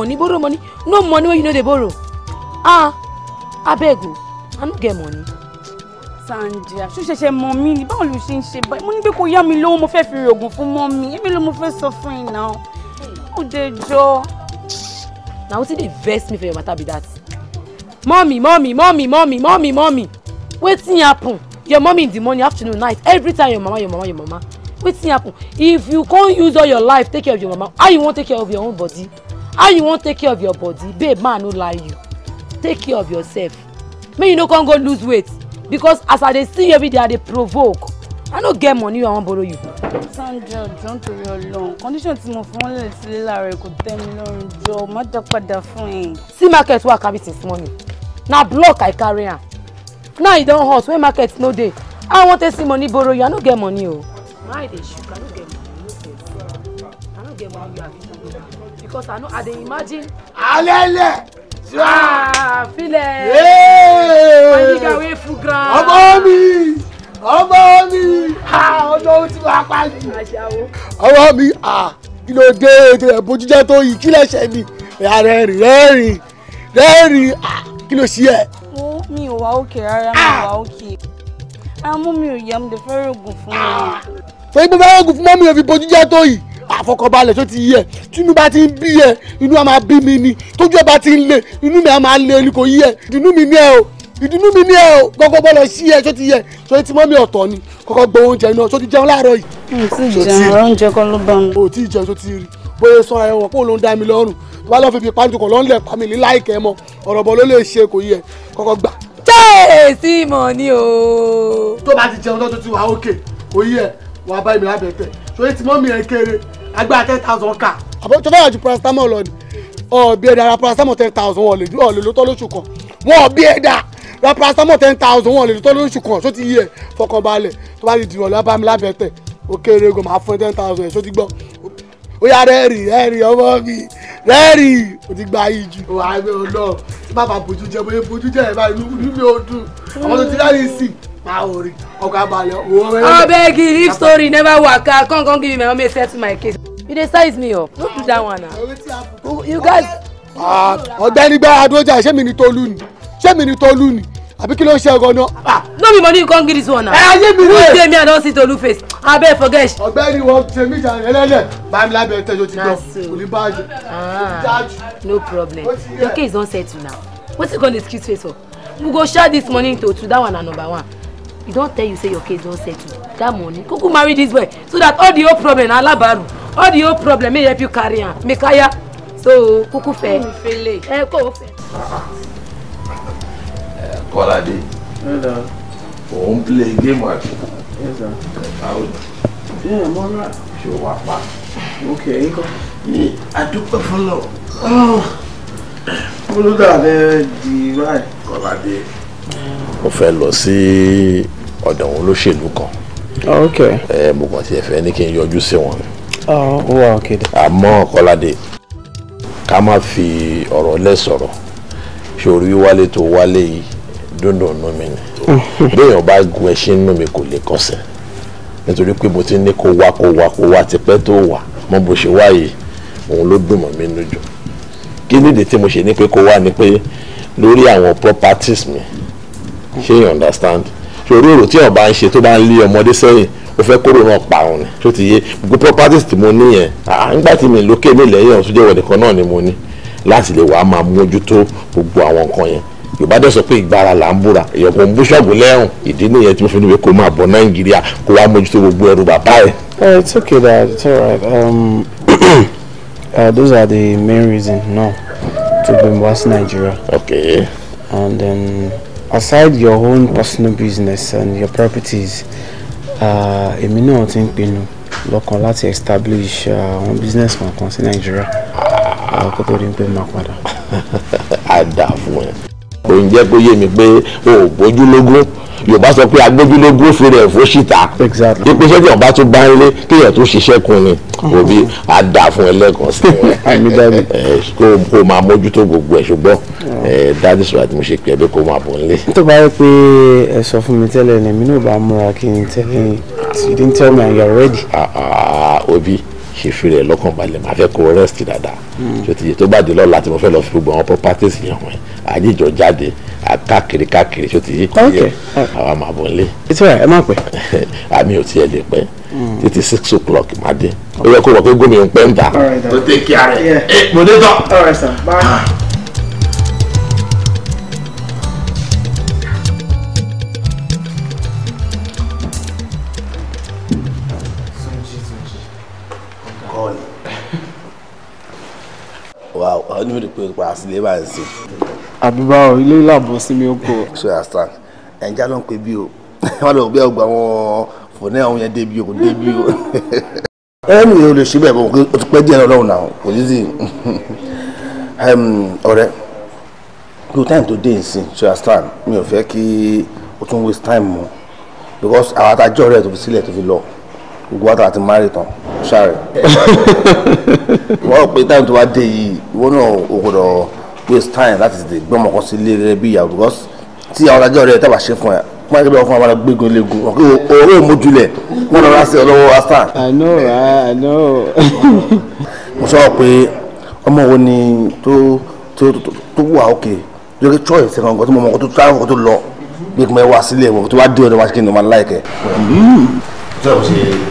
money borrow money no money wey you no dey borrow ah abeg o i no get money. Sanja ṣó ṣẹ̀ṣẹ̀ mọ mi ni báwo ló ṣe ń ṣe báyìí mo ní pé kó yá mi lówó mo fẹ́ fi rògùn fún mọ́ mi èmi ló mo fẹ́ sọ fún yín náà ó dé jọ. na wetin dey vex me for your matter be that. mummy mummy mummy mummy mummy mummy wetin happen your mommy in the morning afternoon night every time your mama your mama your mama wetin happen if you come use all your life take care of your mama how you wan take care of your own body how you wan take care of your body babe man no lie you take care of yourself make you no come go lose weight because as i dey see you everyday i dey provoke i no get money wey i wan borrow you. sandra john torí Ọlọ́run condition tí mo fún lè sílé láàárọ̀ kò tẹ́ mi lọ́rùn jọ má dá fún yín. see market wey i carry since morning na block i carry am now e don hot when market no dey i wan take see money borrow you i no get money o. why you dey shook i no get money no get i no get money you abi because I know I dey imagine. alẹ́lẹ̀. Ah, filẹ̀. my nigga wey full ground. ọmọ mi ọmọ mi ọjọ́ ó ti wá pa jù. ọmọ mi kí ló dé ètò ẹ̀ bójújẹ́ tó yìí kí lẹ̀ ṣe mi ẹ̀yà rẹ̀ rìn rẹ́rìn rẹ́rìn kí ló ṣe ẹ̀. mi ò wá òkè rárá mi ò ah! wá òkè amú mi ò yẹ mo lè fẹ́ rògùn fún mi. Ah! fẹ́ gbọ́ fẹ́ rògùn fún mọ́mí ò fi bójújẹ́ tó yìí àfọkànbalẹ̀ tó ti yẹ tínú bá ti ń bí ẹ inú a máa bí mi ni tójú ẹ bá ti ń le inú mi a máa le ni kò yẹ ìdùnnú mi ní ẹ o ìdùnnú mi ní ẹ o gbogbo bọ́lọ̀ sí ẹ tó ti yẹ tó ti mọ́ mi ọ̀tọ̀ ni kọ́kọ́ gbọ́ oúnjẹ náà tó ti jẹun láàárọ̀ yìí. mi ò tí ì jẹun oúnjẹ kọ́ ló bá mi. o tí ì jẹun tó ti rí bóyá sọ ẹ wọ kó ló ń dá mi lọ́rùn tó bá lọ́ọ́ fi fi pàǹtí kò lọ́ọ́ ń lẹ̀ pa mi ní láìkẹ́ mọ ọ̀rọ̀ bọ́ ló lè ṣe kò yẹ kọ́kọ́ gbà. jẹ́ èsì mọ̀ ni o. tó bá ti jẹun náà tó ti wà ókè kò yẹ bá mi lábẹ́ tẹ̀ ṣòye tí mọ́ mi ẹ̀ kéré agbára ten thousand kà. àbọ̀ tó bá yà ju paracetamol lọ ni ọ̀ọ́bí ẹ̀dá ra paracetamol ten thousand wọ́n lè dúró ọ̀lẹ́ ló tọ́ lóṣù kan wọ́n ọ̀bí ẹ̀dá ra paracetamol ten thousand wọ́n lè ló tọ́ lóṣù kan só ti yí ẹ̀ fọkànbalẹ̀ tó bá di dìrọ̀ lábàmì lábẹ́tẹ̀ ó kéré gan máa fún ten thousand ẹ̀ só ti gbọ́ ó yá rẹ́ẹ̀rì rẹ́ẹ̀rì ọmọ mi rẹ́ẹ̀rì ó ti gba ayé jù. wàá gbé ọ náà tí bàbá bójú jẹ bóyá bójú jẹ ẹ báyìí inú mi ò dùn àwọn tó ti rẹ́ẹ̀rì sí i Maori, Okabalio. Obegi, if story never work out, come come give me my homie settle my case. You dey size me up. No do that one now. You guys. Ah, ọ̀gbẹ́ni gbá Adójà, ṣé mi ni Tolú ni? Ṣé mi ni Tolú ni? àbí kí ló ń ṣe ọgọ náà. Ah. no be money you come give this one na. ẹ ayé mi rè. who dey me i don see tolu face abeg forget. ọ̀gbẹ́ni wọn ṣe mí jà ẹlẹ́dẹ̀ báyìí lábẹ́ tẹjọ ti gbọ kò ní báàjẹ. Ah. no problem your case don settle now wetin you come excuse face for we go share this money to two that one na number one you don't tell you say your case don settle that money kuku marry this boy so that all the old problem alabaru all the old problem may help you carry on. make so kuku fair. Eh, fẹ. ẹ kò fẹ. Kọ́ládé òun play game àbí báwo ni ṣe wà pa. àdúpẹ́ fọlọ́ oh. olùdarí di báyìí. Kọ́ládé mo fẹ́ lọ sí ọ̀dọ̀ òun olóṣèlú kan ẹ mo kàn tiẹ̀ fẹ́ ní kí n yọjú sí wọn. Ah, àmọ́ Kọ́ládé ká má fi ọ̀rọ̀ lẹ̀ sọ̀rọ̀ ṣòrí wálé tó wálé yìí dúndùn nú mi ni béèyàn bá gun ẹṣin nú mi kò lè kọsẹ̀ nítorí pé mo ti ní kó wá kó wá kó wá tipẹ́ tó wà mọ bó ṣe wá yìí òun ló dùn mọ́ mi nú kí nídìí tí mo ṣe ní pé kó wá ni pé lórí àwọn properties mi ṣé you understand torí tí ọba ń ṣe tó bá ń lé ọmọdé sẹ́yìn ó fẹ́ kóró náà parun ni tó ti yé gbogbo properties tí mo ní yẹn nígbà tí mi lókè mi lẹ́yìn ọ̀tún jẹ́ ìwọ̀dẹ̀kan náà ni mo ní láti lè wàá máa mójútó gbogbo àwọn nǹkan yẹn yorùbá dẹ̀ sọ pé ìgbára là ń búra ìyọ̀kùn ń bú ṣọ́ọ̀bù lẹ́hùn ìdí nìyẹn tí mo fi níbi kó máa bọ̀ nàìjíríà kó wàá mójútó gbogbo ẹrù bàbá ẹ̀. Uh, it's okay dad it's all right. um, uh, those are the main reasons now to be wá sí nàìjíríà. okay. and then. Um, aside your own personal business and your properties uh, èmi náà ti ń pinnu lọ́kàn láti establish uh, àwọn uh, business kan sí nàìjíríà kó tó di pé máa padà. a dà fún ẹ kò ń jẹ́ kó yé mi pé o ò bójúlógún yorùbá sọ pé agbójúlógún fi rẹ̀ fó síta pípé sẹ́jì ọba tó bá ń lé kéèyàn tó ṣiṣẹ́ kun ni mm-hmm. òbí á dà fún ẹlẹ́kan sí ẹ kó máa mójútó gbogbo ẹ̀ ṣùgbọ́n dáàdì sọ̀rọ̀ àti mo ṣe pẹ̀lú kó máa bọ̀ nílé. tó bá yẹ pé ẹ sọ fún mi tẹ́lẹ̀ ni mi náà bá múra kí n tẹ́lẹ̀ you didn't tell me and you ah, ah, ah, òbí. Uh, uh, ṣe fi rẹ̀ lọ́kàn balẹ̀ máa fẹ́ kó rest dáadáa tó hmm. ti yẹ tó bá di lọ́la tí mo fẹ́ lọ fi gbogbo àwọn properties yẹn hàn ẹ́ àníjọ jáde káàkiri káàkiri tó ti yẹ àwa máa bọ̀ nílé. ètò ẹ má pẹ́. àmì ò tiẹ̀ lè pẹ́ hmm. títí six o'clock máa dé ó yẹ kó wọ pé gómìnà ń pẹ́ ń ta. ó tẹ kí a rẹ̀ mo dé tán. onímọ̀ ìpè òtò padà sílé bá ń sìn. àbíbá o ilé ìlàbọ̀ sí mi ó kọ. so i understand ẹ̀ǹjà ló ń pè bí o wọ́n lọ gbé ọgbà wọn fòní àwọn yẹn débi o kò débi o. ẹnu yẹn ò lè ṣe bẹ́ẹ̀ bọ́ o ti pẹ́ díẹ̀ náà náà kò ní sí ọ̀rẹ́ lo time tó dé nsìn so i understand mi ò fẹ́ kí o tún waste time mọ́ because àwọn àtàjọ rẹ̀ tó fi sílẹ̀ tó fi lọ gbogbo àti mari tán wọ́n pe táwọn tó wá dé yìí ìwọ náà o gbọ́dọ̀ waste time láti tètè gbọ́mọ sí ilé rẹ bí ìyàwó because tí àwọn adájọ́ rẹ tábà ṣe fún ẹ máa gbé ọkùnrin àwọn gbégun léegun ọ̀rọ̀ òmójúlẹ̀ wọn lọ́ra sí ọlọ́wọ́ astan. I know, I know. mo sọ pé ọmọ wo ni tó tó tó wà òkè lórí choice ẹ̀kan kan ọmọ kan tó travel kan tó lọ gbẹ̀gbẹ̀ wá sílẹ̀ wọn tó wá dé ọ̀dọ̀ wá kí ni wọn máa láìkẹ́. sọ́ọ̀ hmm. ṣe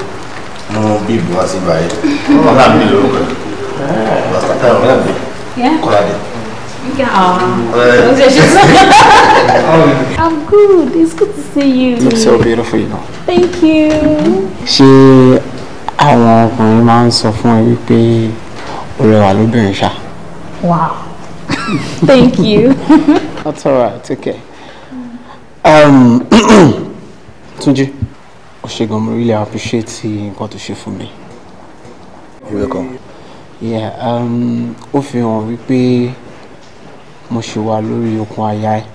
mú bíbù wá sí báyìí wọn náà bí lórúkọ bàtà táwọn náà bí kọ́ládé. I'm good. It's good to see you. You look so beautiful, you know. Thank you. Ṣé àwọn ọkùnrin máa ń sọ fún ẹ wípé o rẹwà lóbìnrin ṣá? Wow. Thank you. That's all right. Take care. Um, Tunji. ṣe gan mo really appreciate nǹkan tó ṣe fún mi. You're welcome. Yeah, um, ó fi hàn wípé mo ṣì wà lórí okùn àyà ẹ̀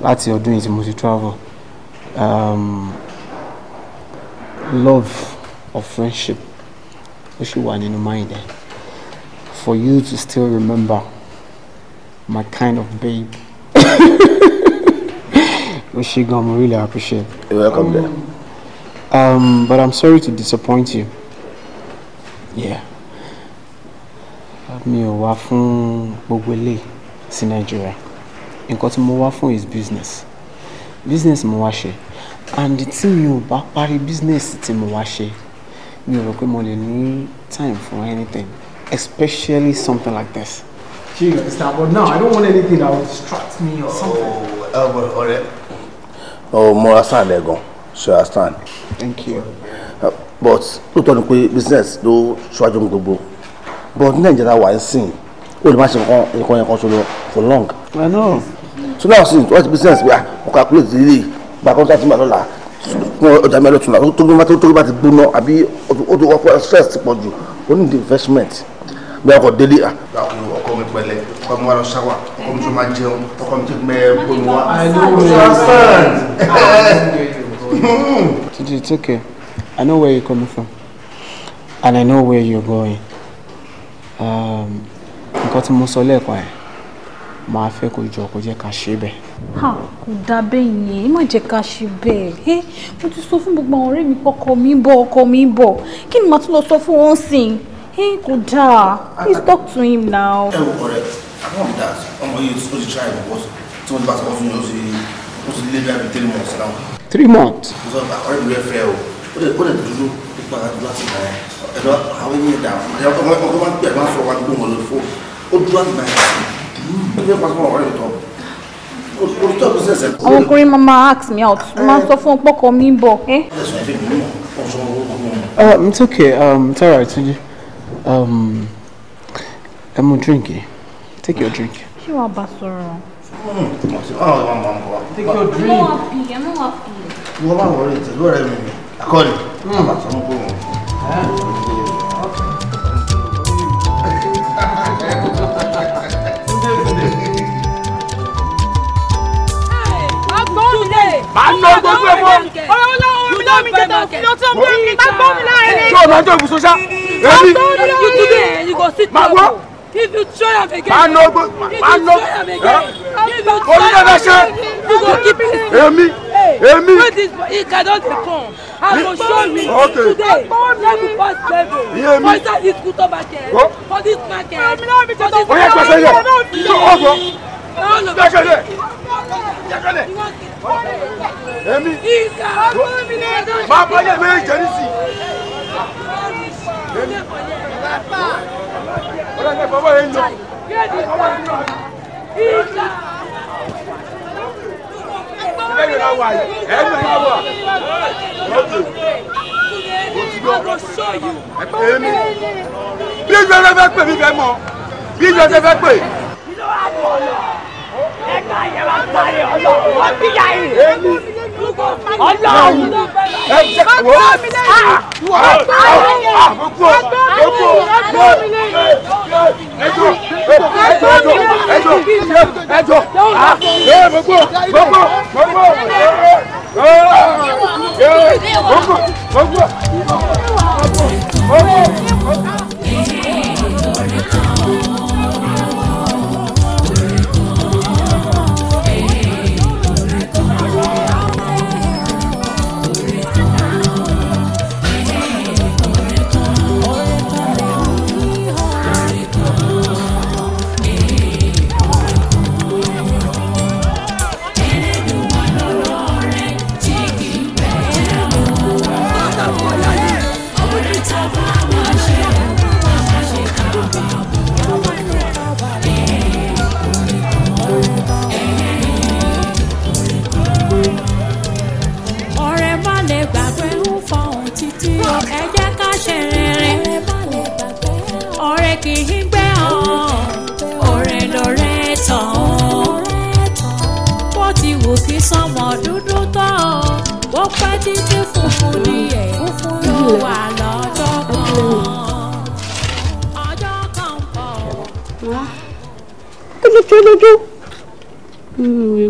láti ọdún yìí tí mo ti travel. Um, love or friendship ó ṣì wà nínú mind ẹ̀. For you to still remember my kind of babe. Oshigan, I really appreciate. You're welcome um, there. Um, but I'm sorry to disappoint you. Yeah. Mi ò wá fún gbogbo ilé sí Nàìjíríà. Nǹkan tí mo wá fún is business. Business mo wá ṣe. And tí mi ò bá parí business tí mo wá ṣe, mi ò rò pé mo lè ní time for anything, especially something like this. Do you But now I don't want anything that will distract me or something. Oh, Elbow, oh, ọ̀rẹ́. Oh, Mora Sandẹ̀gan so I stand. thank you. Uh, but lóòótọ́ ni pé business ló ṣáájú mi gbogbo but ní nàìjíríà wà ń sìn ó lè má ṣe nǹkan nǹkan yẹn kan ṣoṣo for long. I know. so now since what business we are we calculate the day by contract ma lọ́la fún ọjà mi ọlọ́tún náà tó gbọ́n tó gbọ́n ti gbóná àbí odò ọkọ stress ti pọ̀ jù ó ní the investment bí ọkọ̀ délé à. Ah. ọkọ mi pẹ̀lẹ́ ọkọ mi wà lọ ṣáwà ọkọ mi tó máa jẹun ọkọ mi tó mẹ bómi wá. I know. for it's okay. I know where you're coming from. And I know where you're going. Um, nǹkan tí mo sọ lẹ́ẹ̀kan ẹ̀ máa fẹ́ kó jọ kó jẹ́ ká ṣe bẹ́ẹ̀. ha kò dáa bẹ́ẹ̀ yẹn ẹ má jẹ́ ká ṣe bẹ́ẹ̀ ẹ mo ti sọ fún gbogbo àwọn ọ̀rẹ́ mi pé ọkọ mi bọ̀ ọkọ mi bọ̀ kí ni màá tún lọ sọ fún wọn sìn ẹ kò dáa please talk to him now. ẹ wò ọ̀rẹ́ ọmọ yìí ó ti ṣe àìbọ̀wọ̀ tí wọ́n ti bá sọ fún yóò ṣe ó ti lé bí i three months now three months. sọ àwọn ọkùnrin máa máa ask me out máa sọ fún ọ̀pọ̀ kan mi ń bọ̀. mi tó kẹ tara ìtújú ẹ mú drink eh? take your drink. ṣé wàá bá sọ̀rọ̀. Hmm. take your drink wọ́n máa wọlé ìtẹ̀lú ọ̀rẹ́ mi akọni àbàtàn ń gbóhùn. máa ń lọ gbogbo ẹ̀ mọ́. ọ̀rọ̀ wọn lọ́wọ́ mi lọ́wọ́ mi tẹ̀tọ̀ sí ọtí ọmọ mi máa gbọ́ mi láàrin ni. ṣé o máa ń jẹ́ ibùsùn ṣá. èmi máa gbọ́. If you try am again, máa lọ gbogbo. máa lọ gbogbo. orí náà bẹ ṣe. you go keep it. èmi today. Èmi. Through this he cannot come. I will show me okay. today. Let me first level. Yemi. For inside this Kuto market. Oh. For this market. Èmi náà mi tètè sọ. Oya pèsè yẹ. Ṣé o gbọ́? Jẹ́kẹ̀lẹ̀. Jẹ́kẹ̀lẹ̀. Èmi. Ìkà ọgbọ́n mi lè dán. Máa bọ́ yẹ méjì jẹ́ nísì. Èmi. Bàbá. Ọlọ́dẹ bàbá yẹn ń lọ. Ìkà ẹ̀yìn náà wà yìí ẹ̀yìn náà wà. èmi bí ìjọ ẹgbẹ́ fẹ́ pè mí ẹ̀ka ìyẹn wá parí ọlọ́run wọ́n bí yà yìí ọlọ́run ẹ jẹ́ wo ẹjọ gbogbo gbogbo gbogbo gbogbo gbogbo gbogbo.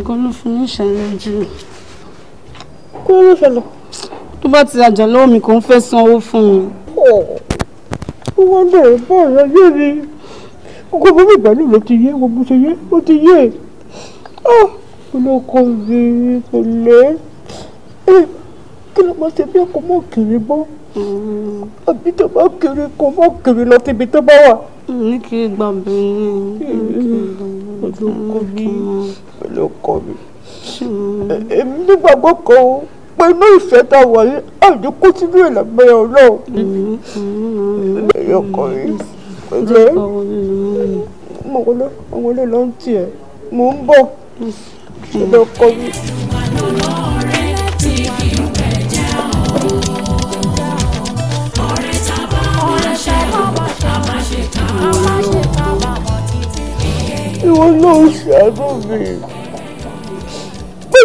nǹkan ló fún mi ṣẹlẹ̀ jù. kí ló ṣẹlẹ̀. tó bá ti àjà lọ́wọ́ mi kò ń fẹ́ san owó fún mi. ó wá bẹ̀rẹ̀ bọ́ọ̀lù ayé mi kókó bóbá ìgbàlú ló ti yé gbogbo ṣe yé ó ti yé olóko mi kò lé kí ló máa ṣe bí ọkọ̀ mọ́ kiri gbọ́ mm. àbí tó bá kiri kò mọ́ kiri lọ síbi tó bá wà ní kí n gbà bẹ́ẹ̀ olóko mi olóko mi èmi nígbàgbọ́ kan o pé inú ìfẹ́ tá a wà yìí àjò kó sínú ìlàgbẹ́ ọlọ́run ẹ̀yọ́ kan yìí pẹ̀lẹ́ mọ̀wọ́lẹ́ ló ń tiẹ̀ mò ń bọ̀ olóko mi. ìwọ náà ṣàánú mi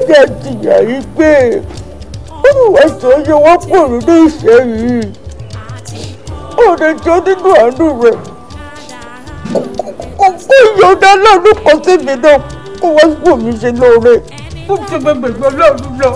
gbọ́dọ̀ jìyà yìí pé olùwà yẹ wọ́n pọ̀ nínú ìṣẹ́ yìí ọ̀nà jọ nínú àánú rẹ̀ kò yọ̀ọ̀dá láàánú kan síbi náà kó wá sí omi ṣe lóore kó fi gbẹgbẹgbẹ láàánú lọ.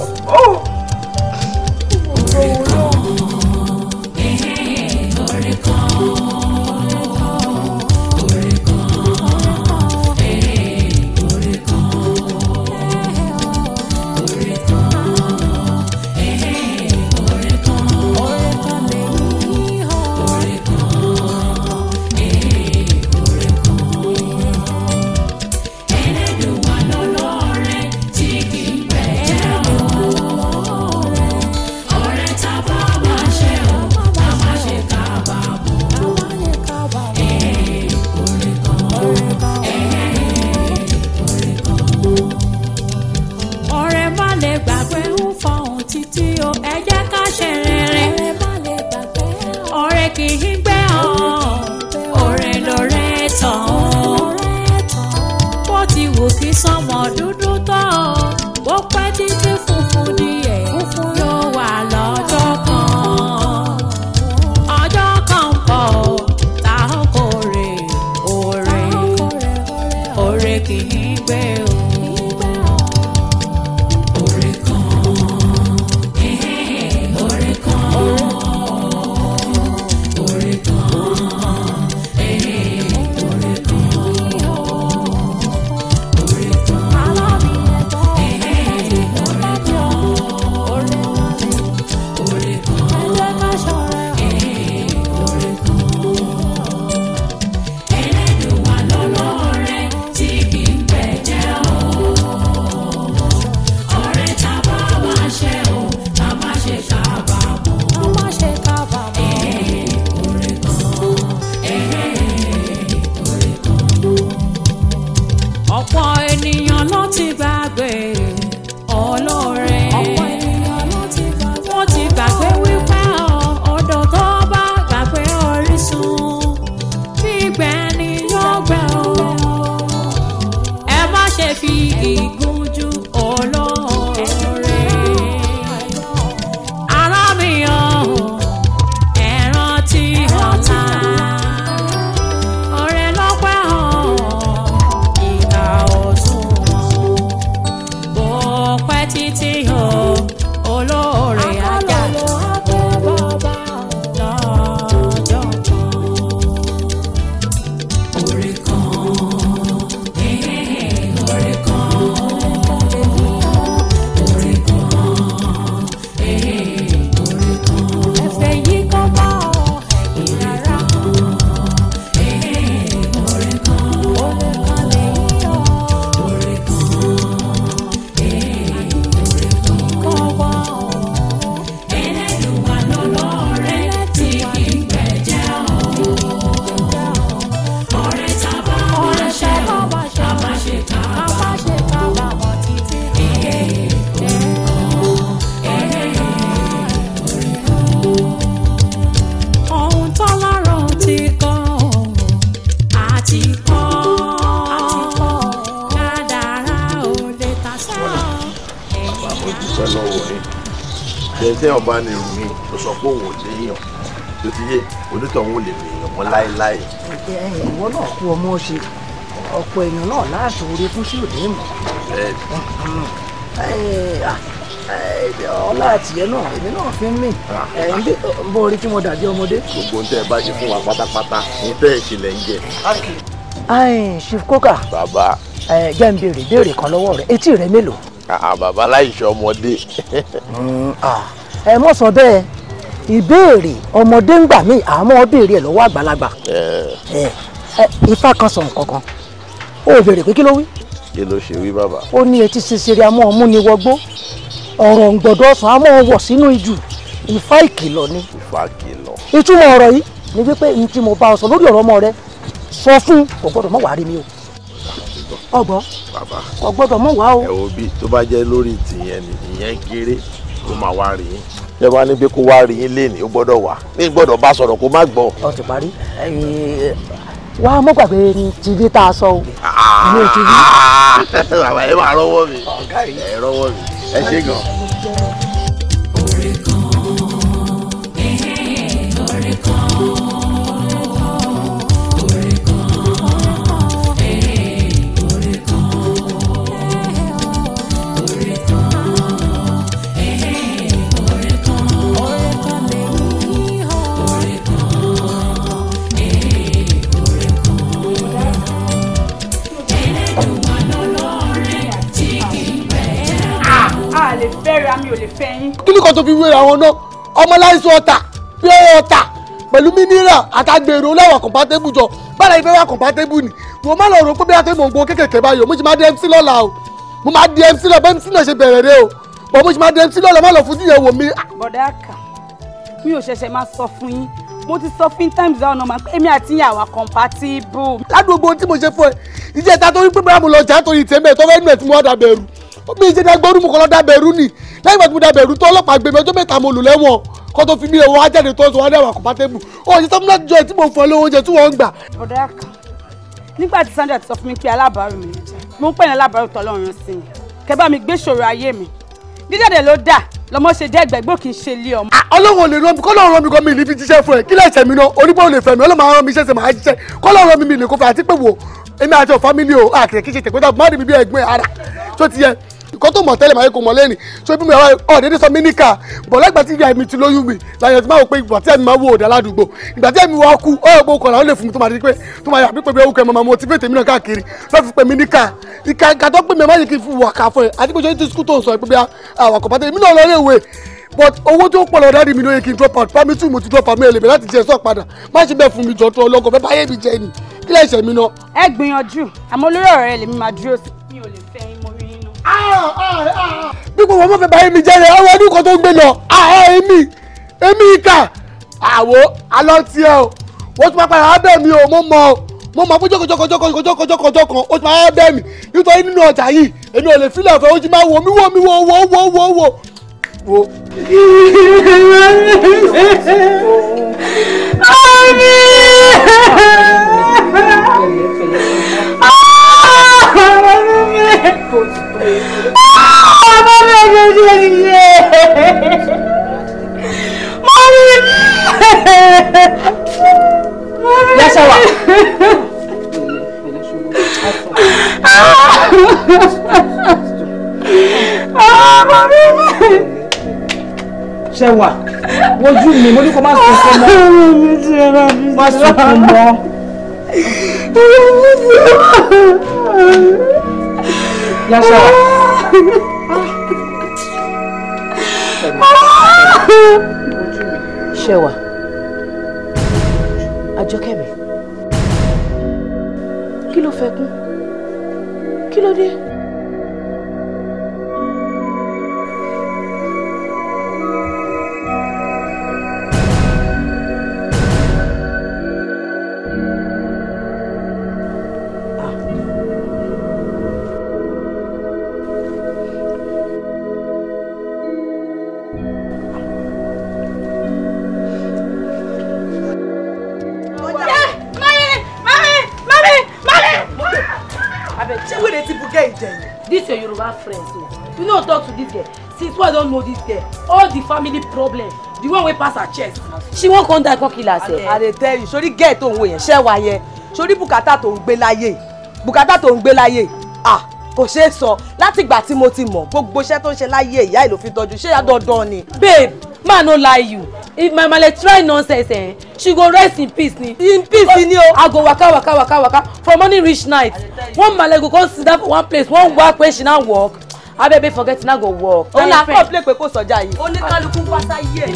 láéláé. ìwọ náà kú ọmọ ṣe ọ̀pọ̀ èèyàn náà láàṣọ orí fún sí òde mọ́. ọlá àtìyẹ náà èmi náà fi ń mì bó orí tí mo dàbí ọmọdé. gbogbo ntẹ bá ṣe fún wa pátápátá ní bẹ́ẹ̀ ṣe ń jẹ. chief coca jẹ́ ń béèrè béèrè kan lọ́wọ́ rẹ̀ etí rẹ̀ mélòó. bàbá láì ṣe ọmọdé. Mm, ẹ mọ̀ sọ bẹ́ẹ̀ ìbéèrè ọmọdé ń gbà mí àmọ́ béèrè ẹ̀ lọ́wọ́ àgbàlagbà eh. Eh, ifá kan sọ nǹkan kan ó béèrè pé kí ló wí. kí ló ṣe wí bàbá. ó ní etí ṣinṣin amọ́ ọmú ni wọgbó ọ̀rọ̀ ǹgbọ̀dọ̀ ọ̀sán amọ́ wọ̀ sínú ijù ifá ìkìlọ̀ ni. ifá ìkìlọ̀. ìtumọ̀ ọ̀rọ̀ yìí ni wípé n tí mo bá ọ sọ lórí ọ̀rọ̀ ọmọ rẹ sọ fún kò gbọ́dọ̀ mọ̀ wá rí mi o ọgbọ́n kò gbọ́dọ̀ mọ̀ wá o. ẹ wo bí tó bá jẹ́ lórí tìyẹn ni kéré kó máa wá rí yín ẹ wá ní kó wá rí yín léèní ó gbọ́dọ̀ wá ní gbọ́dọ̀ bá sọ̀rọ̀ kó má ọ ti parí wá mọ́ gbàgbé ti rí tá a sọ o ẹ máa mi ẹ mi ẹ ṣe gan. tó fi wéra wọn náà ọmọláìsí ọ̀tà pé ọ̀tà pẹ̀lú mineral àtàgbèrò lẹ́wà compatible jọ bára ìfẹ́ wà compatible ni wọ́n má lọ rò pé bí a ti mọ̀ gbọ́ kékèké báyìí mo ti máa di MC lọ́la o mo máa di MC lọ́la bẹ́ẹ̀ MC náà ṣe bẹ̀rẹ̀ rẹ o bọ̀ mo ti máa di MC lọ́la má lọ fún síyẹn wò mí. bọ̀dá àkà mi ò ṣẹ̀ṣẹ̀ máa sọ fún yín mo ti sọ fún times down ọmọ pé èmi àti yín àwa ládùúgbò tí mo ṣe fún ẹ ìjẹta torí pé bá mo lọ jà torí tèmi tó fẹ́ nù ẹ tí mo wá dàbẹ̀rù mi ìṣe dàgbà orú mu kọ́ lọ dábẹ̀rú ni lẹ́yìn ìgbà tí mo dábẹ̀rú tó ọlọ́pàá gbé mi ọjọ́ mẹ́ta mo lò lẹ́wọ̀n kó tó fi mí ẹ̀wọ̀n ajáde tó sọ wọn dẹ̀wà compatible ó ṣe sọ́múlá jọ tí mo fọ lówó oúnjẹ tí wọ́n ń gbà. ọ̀dọ́ àkà nígbà tí Sandra ti sọ fún mi pé alábàárù mi mo ń pè ní alábàárù tọ́lọ́run sí mi kẹ́ bá mi gbé ṣòro ayé mi dídàdẹ ló dà lọmọ ṣe jẹ ẹgbẹgbó kì í ṣe ilé ọmọ. Ah, ọlọ́run ò lè rán mi kọ́lọ́run rán mi gan mi ní fi jíṣẹ́ fún ẹ kí lẹ́sẹ̀ mi náà onígbà ò lè fẹ́ mi ọlọ́run máa rán mi ṣẹ̀ṣẹ̀ máa jíṣẹ́ kọ́lọ́run rán mi mi lè kó fẹ́ àti pé wo èmi àti ọ̀ fámílì o àkìrẹ́kí ṣe tẹ̀gbọ́dọ̀ mọ́rin mi bí ẹgbẹ́ ara tó ti yẹ kó tó mọ̀ tẹ́lẹ̀ máa yẹ kó mọ̀ lẹ́nu so ibi mi àwọn ọ̀dẹ́dẹ́ sọ mí níkà bọ̀ lẹ́gbàá tí ìyá mi ti lóyún mi láyọ̀ tí máa wò pé ìgbà tí ẹ̀mí máa wò ọ̀dà ládùúgbò ìgbà tí ẹ̀mí wa kú ọ̀rọ̀ gbogbo kan làwọn lè fún mi tó máa di pé tó máa yà pípẹ́ bí orúkọ ẹ̀ máa motivate èmi náà káàkiri lọ́ fi pè mí níkà ìka ìka but owó tó pọ̀ lọ dáàdi mi ló yẹ kí n drop out pàmí tù mo ti drop out mi ò lè bẹ̀ láti jẹ sọ padà má ṣe bẹ́ẹ̀ fún mi jọ ọlọ́gọ̀ bẹ́ẹ̀ bá yé mi jẹ ni kí lẹ́sẹ̀ mi náà. ẹ gbìyànjú àmọ́ olórí ọ̀rẹ́ lèmi máa dúró sí mi ò lè fẹ́ yín dípò wọn mọ̀fẹ́ báyìí mi jẹ́rẹ̀ ọwọ́ ọdún kan tó ń gbé lọ àá ah, eh, èmi èmi ìkà àwo alọ́tí ẹ o wọ́n ti máa padà wá bẹ́ẹ̀ mi o mo mọ̀ o mo mọ̀ fún jọ́kọ̀jọ́kọ̀jọ́kọ̀jọ́kọ̀jọ́kọ̀ kan ó ti máa bẹ́ẹ̀ mi nítorí nínú ọjà yìí èmi ò lè fílẹ̀ ọ̀fẹ́ ó ti máa wò mí wò mí wò wò wò wò wò. ṣe wà wojú mi mo ní kó má sunkún mọ́ má sunkún mọ́. yàtọ̀ ṣe wà àjọkẹ́ mi kí ló fẹ́ kún. don know dis girl all the family problem the one we pass her chest. she won't come die come kill herself. i dey tell you sori girl tó ń wo yẹn ṣẹ́ wa yẹn sori bùkátà tó ń gbé láyé bùkátà tó ń gbé láyé ah kò ṣeé sọ láti ìgbà tí mo ti mọ̀ gbogbo iṣẹ́ tó ń ṣe láyé ìyá ìlò fi tọ́jú ṣé dandan ni. babe ma no lie you if my male try nonsense eh, she go rest in peace ni. in peace ni o. i go waka waka waka waka for morning reach night one male go come sit down for one place one work when she now work abẹ́bẹ́ forget na go work. ó là kọ́ play pé kò sọjà yìí. oníkálukú pátá yẹ ẹ.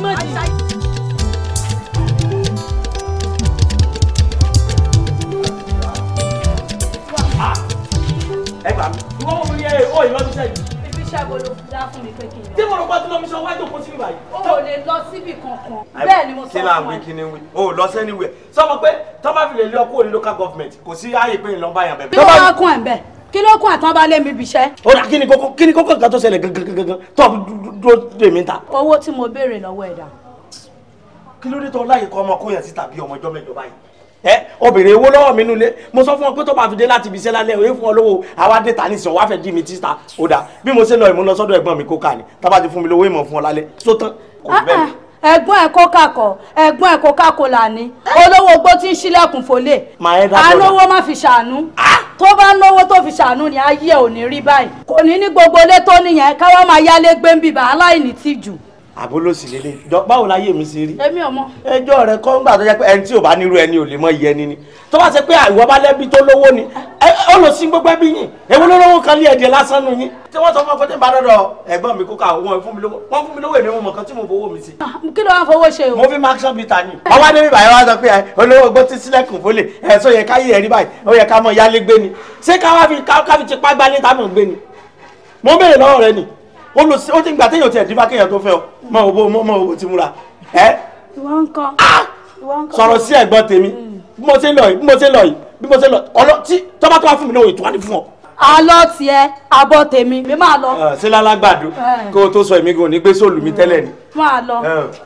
ẹgbà mi. ìwọ mọ̀ mi ẹ ọ ìwọ mi sẹ́yìn. ibi iṣẹ́ wo ló dá fún mi pé kí n lọ. tí mo rò pé tí mo mi sọ wájú òkú síbi báyìí. o ò lè lọ síbi kankan. bẹ́ẹ̀ ni mo sọ fún ẹ. kí la wí kí ni wí o ò lọ sẹ́niwẹ̀ sọ ma pé tọ́ bá fi lè lé ọkọ̀ òní local government kò sí ààyè pé ìlọ́ba yàn bẹ́ẹ̀. bí wọ́n bá kún ẹ̀ bẹ́ẹ̀ kí ló kún àtàn bá lé mi bí iṣẹ́. ó dà kí ni kókó kí ni kókó nǹkan tó ṣẹlẹ̀ gangan tó dúró dè mí ta. owó tí mo béèrè lọ́wọ́ ẹ̀dá. kí ló dé tó láyè kọ́ ọmọ kóyàn síta bí ọmọ ọjọ́ mẹ́jọ báyìí ẹ obìnrin owó lọ́wọ́ mi nulẹ̀ mo sọ fún ọ pé tó bá fi dé láti ibi iṣẹ́ lálẹ́ òye fún ọ lówó àwa dé ta nísìnyí wàá fẹ́ dí mi títa ó dà bí mo ṣe lọ ìmúlọsọ́dọ̀ ẹ̀gbọ́n mi kó kà ní tábà ti fún mi lówó ìmọ̀ fún ọ lálẹ́ sótán kò ah, bẹ́ẹ̀ ah ẹ̀gbọ́n ẹ̀ kókà kan ẹ̀gbọ́n ẹ̀ kókà kola ni olówó gbó tí ń ṣílẹ̀kùn fòlè alówó má fi ṣàánú tó bá ń lówó tó fi ṣàánú ni ayé ẹ̀ ò ní rí báyìí kò ní ní gbogbo ilé tó nìyẹn káwá máa yálé gbé ń bìbà aláìní tìjú àbólòsì lélẹ̀ báwo láyé mi ṣe rí. èmi ọmọ. ẹjọ́ rẹ kọ́ ńgbà tó jẹ́ pé ẹni tí ò bá nírú ẹni ò lè mọ iye ẹni ni tó bá ṣe pé àìwọ́ bá lẹ́bí tó lówó ni ó lọ sí gbogbo ẹbí yìí èwo ló lówó kan lé ẹ̀dẹ̀ lásán nu yín. tí wọ́n sọ fún ọkọ tí ń bá dọ́dọ̀ ẹ̀gbọ́n mi kókà wọn fún mi lówó wọn fún mi lówó èmi mo mọ̀ kan tí mo fowó mi sí. Ah, kí ló wá fowó ṣe o. mo fi maxon bita ni. wọ́n wá débi báyìí wá sọ pé olówó gbó ti sílẹ̀kùn fólè ẹ̀ sọ yẹ ká yí ẹ̀rí báyìí ó yẹ ká mọ ìyálégbé ni ṣé ká wá fi ká fi ti pá gbálé tá mọ̀ gbé ni. mo béèrè lọ́wọ́ rẹ ni ó lọ sí ó ti gbà téèyàn tiẹ̀ dífá kéèyàn tó fẹ́ ọ mọ òbó mọ òbó ti múra ẹ. ìwọ ń kọ. Ah! sọ̀rọ̀ sí ẹ̀gbọ́n tèmi mm. bí mo ṣe lọ yìí bí mo ṣe lọ yìí bí mo ṣe lọ ọlọ tí tọ́ba tó wá fún mi náà ètò wá ní fún ọ. alọ tiẹ abọ tèmi mi máa lọ. ṣé lálágbàdo kó o tó sọ èmi gan ní gbé sóòlù mi tẹ́lẹ̀ ni. máa lọ.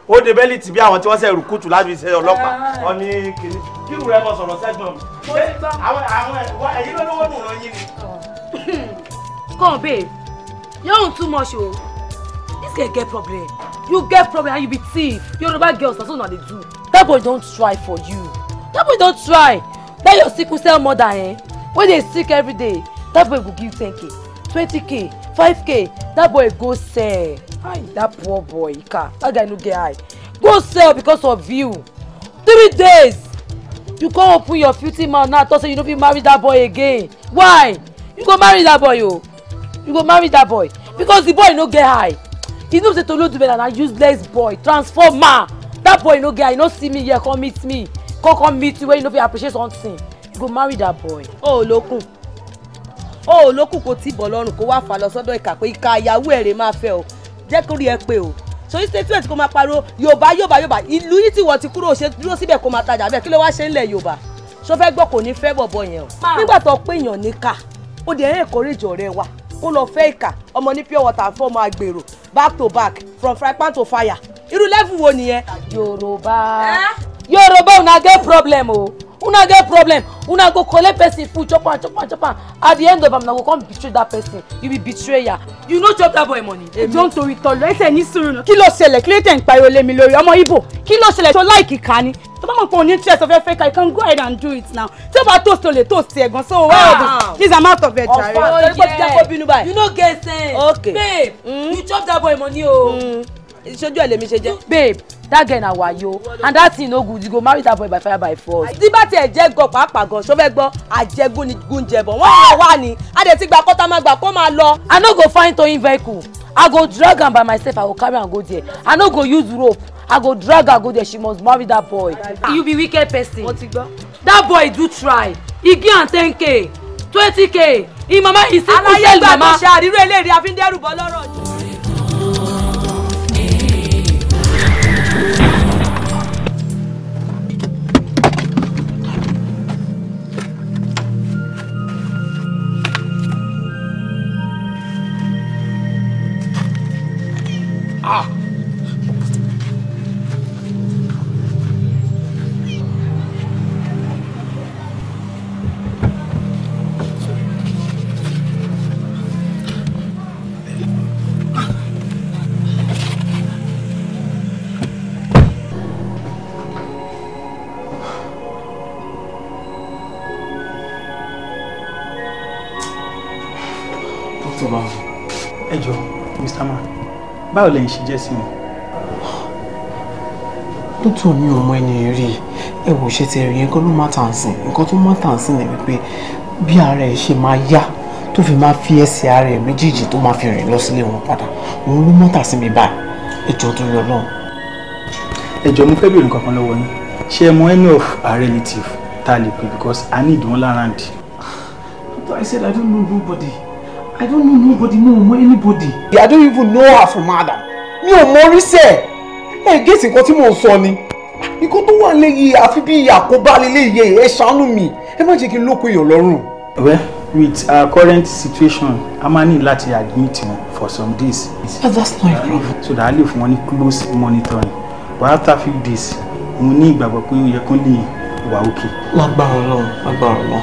ó de bẹ́lí tì bí àwọn tí wọ́n ṣe rùkútù láti ṣe ọlọ́pàá ọ ní kiri kí ìwúrẹ́ sọ̀rọ̀ sẹ́gbọ̀n mi. àwọn àwọn ẹ̀yìn ló You're too much, yo. Oh. This girl get problem. You get problem and you be thief. You're Yoruba girls, that's what they do. That boy don't try for you. That boy don't try. That your sick sickle cell mother, eh? When they sick every day, that boy will give 10k, 20k, 5k. That boy go sell. Hi, that poor boy, Ika. That guy no get eye. Go sell because of you. Three days. You can't open your filthy mouth now, talk say you don't be marry that boy again. Why? You go marry that boy, yo. Oh you go marry that boy because the boy no get eye you know say tolodubela na useless boy transformer that boy no get eye you no see me here come meet me come come meet you wey you no fit appreciate something you go marry that boy. o ò lókun o ò lókun kò tí bọ̀ lọ́rùn kó wá fà lọ sọ́dọ̀ ìkà pé ìka ìyàwó ẹ̀rẹ̀ máa fẹ́ o jẹ́ kó rí ẹ pé o torí statement kó máa pariwo yorùbá yorùbá yorùbá ìlú yìí tí wọ́n ti kúrò ṣe dúró síbẹ̀ kó máa tajà bẹ́ẹ̀ kí ló wá ṣe ńlẹ̀ yorùbá ṣó gbọ́ kò ní fẹ́ bọ̀bọ̀ yẹn o nígbà tó péyàn níkà ó dẹ̀ ẹ́ èkórèjọ rẹ wà full of fẹ́ ìkà ọmọ ní pure water fún ọmọ back to back from fry pan to fire irú level wo nìyẹn. Yorùbá yoruba una get problem o oh. una get problem una go collect person food chop am chop am chop am at the end of am una go come betray that person you be betrayer you no chop that boy money. ẹjọ́ ń torí tọ́lọ ẹsẹ̀ ní sùúrù náà kí ló ṣẹlẹ̀ kí ló tẹ̀ ń pariwo lé mi lórí ọmọ ibo kí ló ṣẹlẹ̀ tó láìkì ká ni tó bá mọ̀ pé òní interest ọ̀fẹ́ fẹ́ ká you can go ahead and do it now tí o bá toast o lè toast ẹ̀gàn so wá ọ̀dùn ah. this am out of bed jàre. ọ̀fọ̀ ọ̀yẹ́ you no get sense. okay babe mm. you chop that boy money o. Oh. Mm ìṣojú ẹ̀ lèmi ṣe jẹ́. babe that girl na wayo and that thing no good you go marry that boy by fire by force. tí bá tiẹ̀ jẹ́ gan pàápàá gan ṣọ́fẹ́ gbọ́ àjẹgún ni gúnjẹ bọ̀ wọ́n yà wá ni a dẹ̀ ti gbà kó tá máa gbà kó máa lọ. i no go find towing vehicle i go drag am by myself i go carry am go there i no go use rope i go drag am go there she must marry that boy. Ah. you be wicked person that boy do try he give am ten k twenty k im mama he still go tell mama. aláyé gbàgbọ́ ṣe àdírú eléyìí àfi ń dẹ́rù bọ́ báwo lẹ́yìn ṣe jẹ́ sí mi. lótú mi ò mọ ẹni rí ẹ wò ṣe ti rí nǹkan ló má tà ń sìn nǹkan tó má tà ń sìn ni wípé bí ara ẹ ṣe máa yá tó fi máa fi ẹsẹ̀ ara ẹ méjèèjì tó máa fi rìn lọ sílé wọn padà òun ló mọ́tà sí mi báyìí ẹjọ́ tó yọ lọ́hùn. ẹjọ́ mo fẹ́ bèrè nǹkan lọ́wọ́ yín ṣé ẹ mọ any of our relative tá a lè pè because I need one around. I said I don't know nobody. I don't know nobody, no more anybody. I don't even know her from Adam. Mi ò mọ oríṣẹ́. Ẹ gẹ̀ẹ́sì nǹkan tí mò ń sọ ni. Nǹkan tó wà lẹ́yìn àfi bí àkóbá lélẹ́yìí ẹ ṣàánú mi. Ẹ má jẹ́ kí n lóko lorun?" Well, with our current situation, a máa ní láti admit wọn for some days. But that's not a problem. So that a lè fún wọn ní close monitoring. But after few days, mo ní ìgbàgbọ́ pé ó yẹ kán lè wà òkè. Lágbára Ọlọ́run, lágbára Ọlọ́run.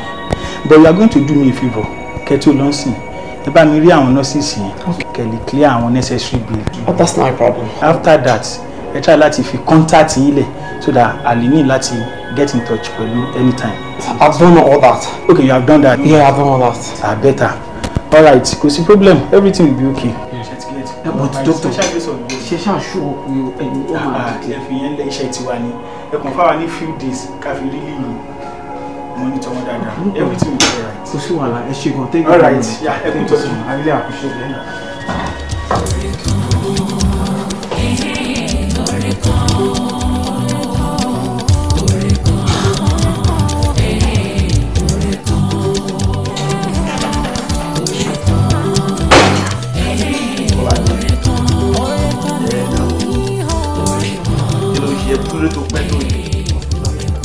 But you are going to do me a favour, kẹ́tí ó lọ́sìn ẹ bá mi nurses yìí clear àwọn necessary bill. but oh, that's not a problem. after that ẹ try láti fi contact yín so that a lè ní láti get in touch with you anytime. I've done all that. okay you have done that. yeah I've done all that. ah better alright kò sí problem everything will be okay. Yeah, but doctor ṣe ṣáà ṣú ọkùnrin ẹni ó máa ah, dìde. ẹ fi yẹn lé iṣẹ́ tiwa ni ẹ kàn fáwa ní few days ká fi rí lílo monitor wọn dáadáa everything kò sí wàhálà ẹ ṣe gan thank you very much thank you so much i really appreciate it.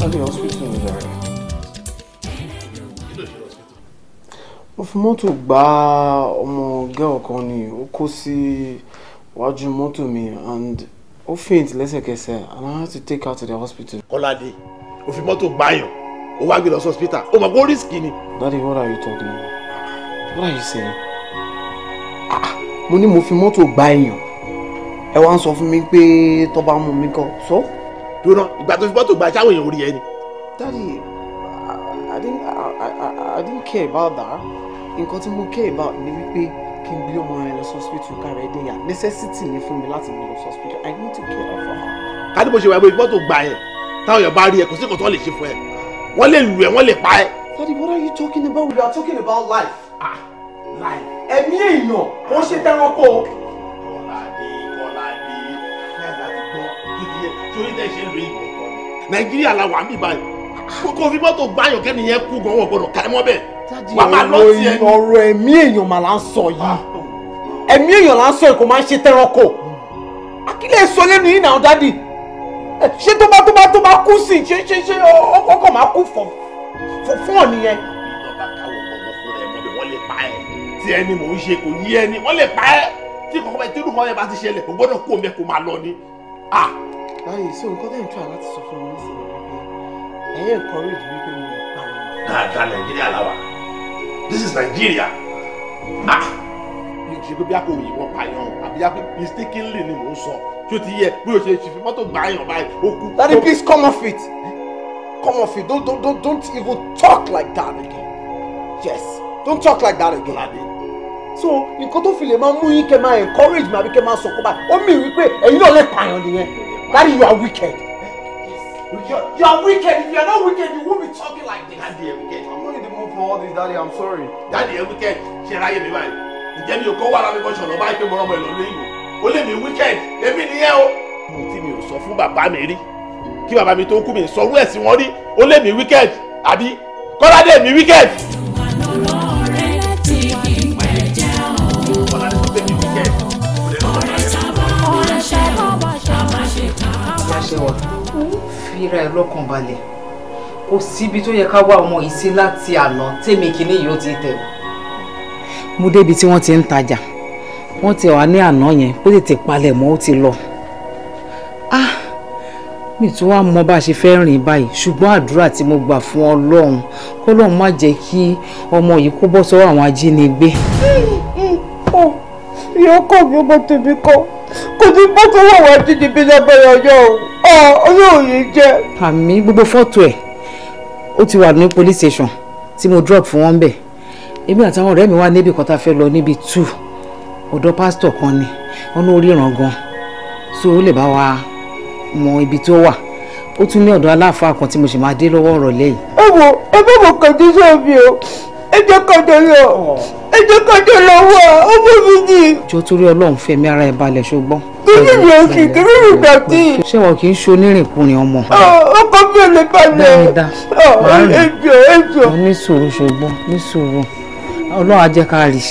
Olha o hospital. ó fi mọ́tò gbá ọmọ gẹ́ọ̀ kan ni ó kó sí iwájú mọ́tò mi and ó faint lẹ́sẹ̀kẹsẹ̀ and I had to take her to the hospital. Kọ́ládé ó fi mọ́tò gbáyàn ó wá gbé lọ sí hospital ó mọ̀ pé ó rísìkì ni. Daddy what are you talking about? What are you saying? Ah, ah, mo ní mo fi mọ́tò gbá èèyàn ẹ wá ń sọ fún mi pé tó bá mú mi kọ sọ. dúró ìgbà tó fi mọ́tò gbá sáwọn èèyàn orí ẹ ni. Daddy I didn't I, I, I didn't care about that nǹkan tí mo care about ni wípé kí n gbé ọmọ rẹ lọ sọ́spítù kára ẹ̀ dẹ́yà necessity ni fún mi láti gbé lọ sọ́spítù I need to care for her. kádé bó ṣe wà ìbọn tó gbà yẹn táwọn èèyàn bá rí ẹ kò sí nǹkan tó lè ṣe fún ẹ wọ́n lè lù ẹ wọ́n lè pa ẹ. Daddy, what are you talking about? We are talking about life. ah life. ẹ̀mí èèyàn wọ́n ṣe tẹ́ranko. kọ́ládé kọ́ládé ní àgbà gbọ́ kíkí ẹ torí tẹ̀ ṣe ń kó fi mọ́tò gbáyàn kẹ́ni yẹn kú gan wọn gbọdọ̀ ká ẹ mọ́ bẹ́ẹ̀ wà á máa lọ sí ẹ. ọ̀rọ̀ ẹ̀mí èèyàn mà là ń sọ yìí ẹ̀mí èèyàn là ń sọ yìí kò máa ń ṣe tẹ́rọ̀kọ̀ akílẹ̀ sọ lẹ́nu yìí náà dádì ṣé tó bá tó bá tó bá kú sí ṣé ṣé ṣé ọkọ̀ máa kú fọ̀ fún ọ̀ nìyẹn. ìjọba káwọ̀ ọmọ fúnra ẹ̀ mọ́ bẹ́ẹ̀ wọ́n lè pa ẹ̀ tí ẹni mò ń ṣe kò yí ẹni wọ́n lè pa ẹ́ tí kọ̀ọ̀kan bẹ́ẹ̀ tí irú kan yẹn bá ti ṣẹlẹ̀ kò gbọ́dọ̀ kó omi ẹ̀ kó máa lọ ni. Ah! báyìí sí nǹkan tẹ̀ ń tura láti sọ fún mi nísìnyí ẹ̀yẹ́ encourage mi mo lè pariwo. dáadáa nàìjíríà làwà this is Nigeria. Ah ṣe pé bí a kò yìnbọn pààyàn àbí a pé mistakenly ni mò ń sọ tí ó ti yẹ bí o ṣe fi mọ́tò gbà yàn báyìí ó kú. Daddy please come off it come off it don't don't don't don't even talk like that again yes don't talk like that again. Lade. so nǹkan tó fi lè máa mú yín kẹ́ máa encourage mi àbí kẹ́ máa sọ kó báyìí ó mì wípé ẹ̀yin náà lè pààyàn nìyẹn Daddy you are wicked. You're, you're wicked. If you're not wicked, you won't be talking like this. Daddy, you're wicked. I'm not in the mood for all this, Daddy. I'm sorry. Daddy, you're wicked. Ṣé ráyè mi báyìí? Ǹjẹ́ mi ò kọ́ wà lábẹ́ kan ṣọ̀nà báyìí pé mo rọmọ ìlú lóyún? wicked. Èmi nìyẹn o. Mo tí mi ò sọ fún bàbá mi rí. Kí bàbá mi tó kú mi sọ wúwẹ̀ sí wọn rí. Ó lè mi wicked. Àbí Kọ́ládé mi wicked fi ra ẹ lọ́kàn balẹ̀ kò síbi tó yẹ ká wá ọmọ yìí sí láti àná tèmi kìíní yìí ó ti tẹ̀. mo débi tí wọ́n ti ń tajà wọ́n ti wà ní àná yẹn ó tètè palẹ̀ mọ́ ó ti lọ. ah mi tún wá mọ bá a ṣe fẹ́ rìn báyìí ṣùgbọ́n àdúrà tí mo gbà fún ọlọ́run kọ́lọ́run má jẹ́ kí ọmọ yìí kó bọ́ sọ́wọ́ àwọn ajínigbé. ó yóò kọ́ mi ó bọ́ tóbi kọ́ kò ní bọ́ sọ́wọ́ àwọn ajínigbé lágbára ọjọ́ o olóòye jẹ́. àmì gbogbo fọ́tò ẹ̀ ó ti wà ní police station tí mo drop fún wọn bẹ̀ èmi àtàwọn ọ̀rẹ́ mi wá níbi kan tá a fẹ́ lọ níbi two ọ̀dọ̀ pásítọ̀ kan ni wọn orí ìran gan so ó lè bá wa mọ ibi tó wà ó tún ní ọ̀dọ̀ aláàfáà kan tí mo sì máa dé lọ́wọ́ ọ̀rọ̀ lẹ́yìn. ẹ wo ẹgbẹ́ mo kàn dín mi o ẹ jẹ́ kàn dé lọ ẹ jẹ́ kàn dé lọ́wọ́ ọmọ mi ni. jọ torí Ọlọ́run fẹ̀mí ara ẹ̀ balẹ̀ ṣùgbọ́n torí mi ò sì torí mi gbà tí. ṣé wọn kì í ṣe onírìnkùnrin ọmọ. ọkọ mi ò lè balẹ̀ ẹjọ ẹjọ. mo ní sùúrù ṣùgbọ́n ní sùúrù ọlọ́run á jẹ́ ká rí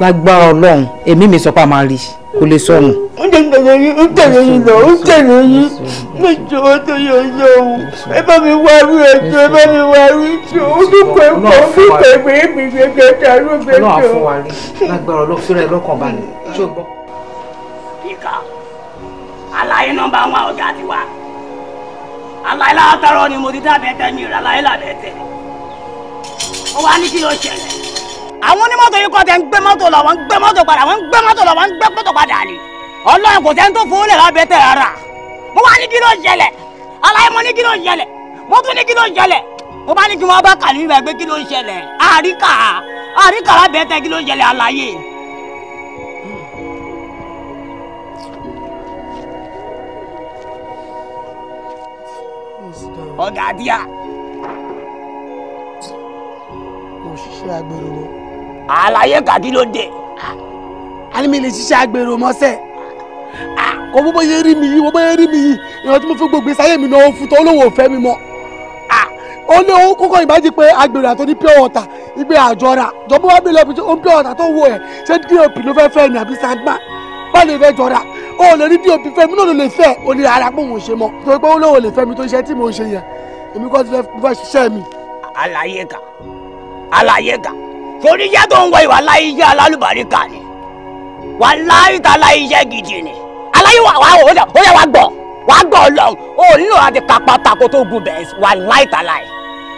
lágbára ọlọ́run èmi mi sọ pé a máa rí kò lè sọnù. ó ń tẹ̀lé yín ó ń tẹ̀lé yín lọ ó ń tẹ̀lé yín lójú owó tó yọ yọ òun ẹ bá mi wá rí ẹjọ ẹ bá mi wá rí ìjọ olùkọ́ ẹ̀kọ́ olùkọ́ ẹgbẹ ẹgbẹ ẹgbẹ ẹgbẹ ẹgbẹ ẹgbẹ. ọlọ́run á fún wa rí lágbára ọlọ́run fúnra ẹ lọ́kàn balẹ̀ ṣó gbọ́ àlàyé nọ́mbà wọn ọ̀gá ti wá àlàyé látọrọ ni mo ti dábẹ́ tẹ́ mi rà àlàyé làbẹ́ tẹ́ ó wá ní kí ló ṣẹlẹ̀. àwọn onímọ́tò yìí kọ́ tẹ ń gbé mọ́tò lọ wọ́n ń gbé mọ́tò padà wọ́n ń gbé mọ́tò lọ wọ́n ń gbé mọ́tò padà ni ọlọ́run kò sẹ́ni tó fowó lẹ̀ lábẹ́ tẹ̀ rárá mo wá ni kí ló ṣẹlẹ̀ àlàyé mo ní kí ló ṣẹlẹ̀ mo tún ní kí ló ṣẹlẹ̀ mo bá ní kí wọ́n bá kà níbi ìgbà pé kí ló ṣẹlẹ̀ àríkà àríkà lábẹ́ tẹ̀ kí ló ṣẹlẹ̀ àlàyé. ọ̀gá díà. mo ṣiṣẹ́ agbèrò ni. àlàyé kàkí ló dé. alimi lè ṣiṣẹ́ agbèrò mọ́sẹ̀. Ah, kò bó bóyá rí mi yìí bó bóyá rí mi yìí ìrántí mo fi gbogbo sáyé mi náà fún tó olówó fẹ́ mi mọ́. Ah. ó ní owó kókó ìbájú pé agbèrò àti oní pure water ibi àjọra jọ̀bú wá bí lọ́ọ́ fi ó ń pure water tó wọ ẹ̀ ṣé dop ló fẹ́ fẹ́ ni àbí sandman má lè fẹ́ jọra o lè rí dop fẹ́ mi náà ló lè fẹ́ o lè ara pé òun ṣe mọ́ torí pé ó lóun lè fẹ́ mi tó ṣe tí mò ń ṣe yẹn èmi kọ́ ti fẹ́ ṣiṣẹ́ mi. àlàyé kan àlàyé kan torí iṣẹ́ tó ń wọ ìwà láyé iṣẹ́ alálùbáríkà ni wà láyé ta láyé iṣẹ́ gidi ni aláyé wà ó yẹ wà gbọ̀ wà gbọ̀ lọ́n o nílò láti kápá tako tó gùn bẹ́ẹ̀ wà láyé ta láyé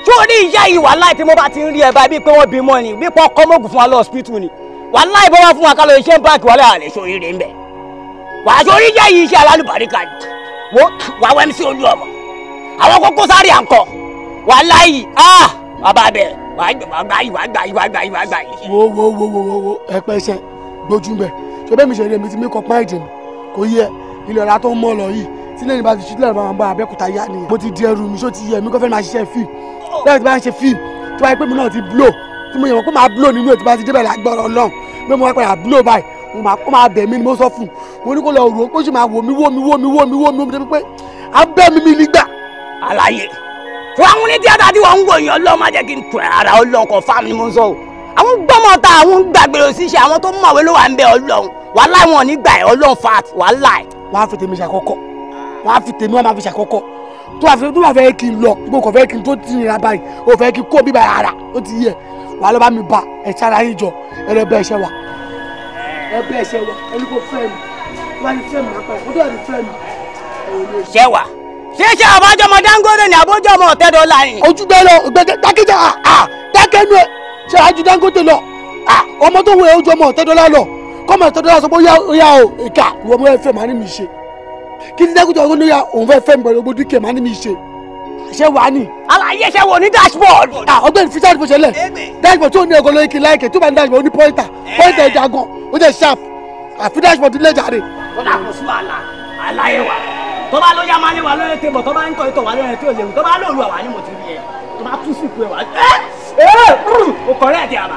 torí iṣẹ́ ìwà láyé tí mo bá ti ń rí ẹ̀ báyìí bí pé wọ́n bímọ ni bí pọ́n kọ́mọ́gùn fún wa lọ́ọ́ wàláì bọ́ wá fún wa kálọ̀ iṣẹ́ báàkì wàlẹ́ àlẹ́ sóríire ń bẹ̀ wàá sórí jẹ́ yìí iṣẹ́ alálùbáríkà ni wo wà wẹ́m sí olú ọmọ àwọn kókó sáré à ń kọ wàláì ah bàbá bẹ̀ wàá gbà yìí wàá gbà yìí wàá gbà yìí wàá gbà yìí. wo wo wo wo wo ẹ pẹ́ iṣẹ́ gbójú mbẹ ṣé bẹ́ẹ̀ mi ṣe rí èmi tí mi kọ pọ́n ẹ̀jẹ̀ mi kò yẹ ilé ọ̀la tó ń mọ̀ lọ yìí tí lẹ́yìn bá ti ṣí lẹ́yìn bá wọn bá abẹ́kúta yá nìyẹn. mo ti di ẹrù mi ṣó ti yẹ mi kò fẹ́ máa ṣiṣẹ́ fíìmù lẹ́yìn tí bá ń ṣe fíìmù tí wàá pé mi náà ti blow tí mo yẹ wọn kó máa blow nínú ètò bá ti débẹ̀ lágbọ́rọ̀ náà bí mo wá padà blow báyìí mo máa kó máa bẹ̀ mí ni mo sọ fún un mo ní kó lọ rò ó kó sì máa wò mí wò mí wò mí wò mí wò mí débi pé abẹ́ mi mi nígbà. àlàyé fún àwọn ní tíátà wọn ń wò yín má jẹ́ kí n tù ẹ́ ara Ọlọ́run fáàmù ni mo ń sọ o àwọn gbọ́mọ̀ ta àwọn gbàgbèrè òṣìṣẹ́ àwọn tó mọ̀wé ló wà ń bẹ Ọlọ́run wàhálà wọn nígbà ẹ̀ Ọlọ́run fa wàhálà ẹ̀. wọ́n fi tèmi ṣàkọ́kọ́ wọ́n fi tèmi wọ́n máa fi ṣàkọ́kọ́ tó bá fẹ́ kí n lọ ìgbókò fẹ́ kí n tó tì nira báyìí ò fẹ́ kí kó bíbá ara ó ti yẹ wà á lọ bá mi bá ẹ̀tí ara yín jọ ẹ̀rọ bẹ́ẹ̀ ṣe wà ẹ̀rọ bẹ́ẹ̀ ṣe wà ẹni kò fẹ́ mi wà ní fẹ́ mi àpá ìfọ́tọ̀ ní fẹ́ mi ẹ̀rọ ṣe wà ṣé ṣe àbájọ ọmọ Dangote ni àbójọ ọmọ Ọ̀tẹ́dọ́lá ni. ojú bẹ́ẹ̀ lọ gbẹgẹ dákẹ́jà à ah, ah, dákẹ́nu ẹ̀ ṣe àjù Dangote lọ ah, ọmọ tó wọ ojú ọmọ Ọ̀tẹ́dọ́lá lọ kọ́mọ Ọ̀tẹ́dọ́lá sọ pé ó yá o ìka ìwọ ọmọ ẹ fẹ́ màá ní mi ṣe kí ní Dangote ọgbọ́n ló yá òun fẹ́ fẹ́ mi pẹ̀lú ogbó dúkìá màá ní mi ṣe ṣe wà ní. alaye ṣe wò ní dashboard. ọgbẹ́ni fisari bó ṣe lẹ̀ dashboard tí ò ní ọgọ́ lóyún kí n láìkè tí ó bá ní dashboard ó ní pointer pointer ìjà gan ó jẹ́ sharp àfi dashboard ilé ìjà rẹ̀. kódà kò sí wàhálà alaye wa tó bá lóyún amáyé wa lóyún tèbọ̀ tó bá ń kọ́ ìtọ̀ wa lóyún tí ò léwu tó bá lóru àwa ni mo ti rí ẹ tó bá tú sí ìpè wa. ó kọ̀rẹ́ ẹ̀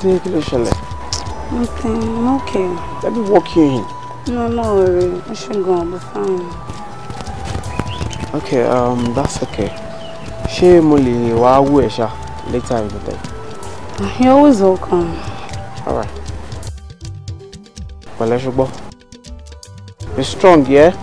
dé kí ló nothing i'm okay. let me walk you in. no no worry i should go i'll be fine. okay um, that's okay ṣé mo lè wá wú ẹ ṣá later in the day. you're always welcome. all right. pẹ̀lẹ́ ṣùgbọ́n be strong yeah.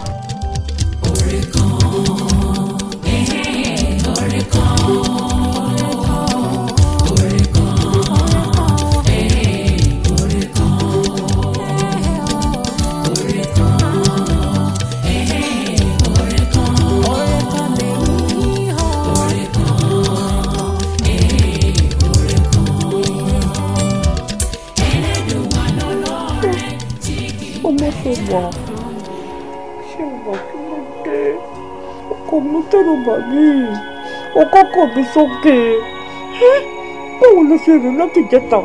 wọ. ṣé ìwọ kí ló dé ọkọ mi tẹ̀lé bàbí ọkọ kọ mi sókè báwo ló ṣe rìn láti jẹta.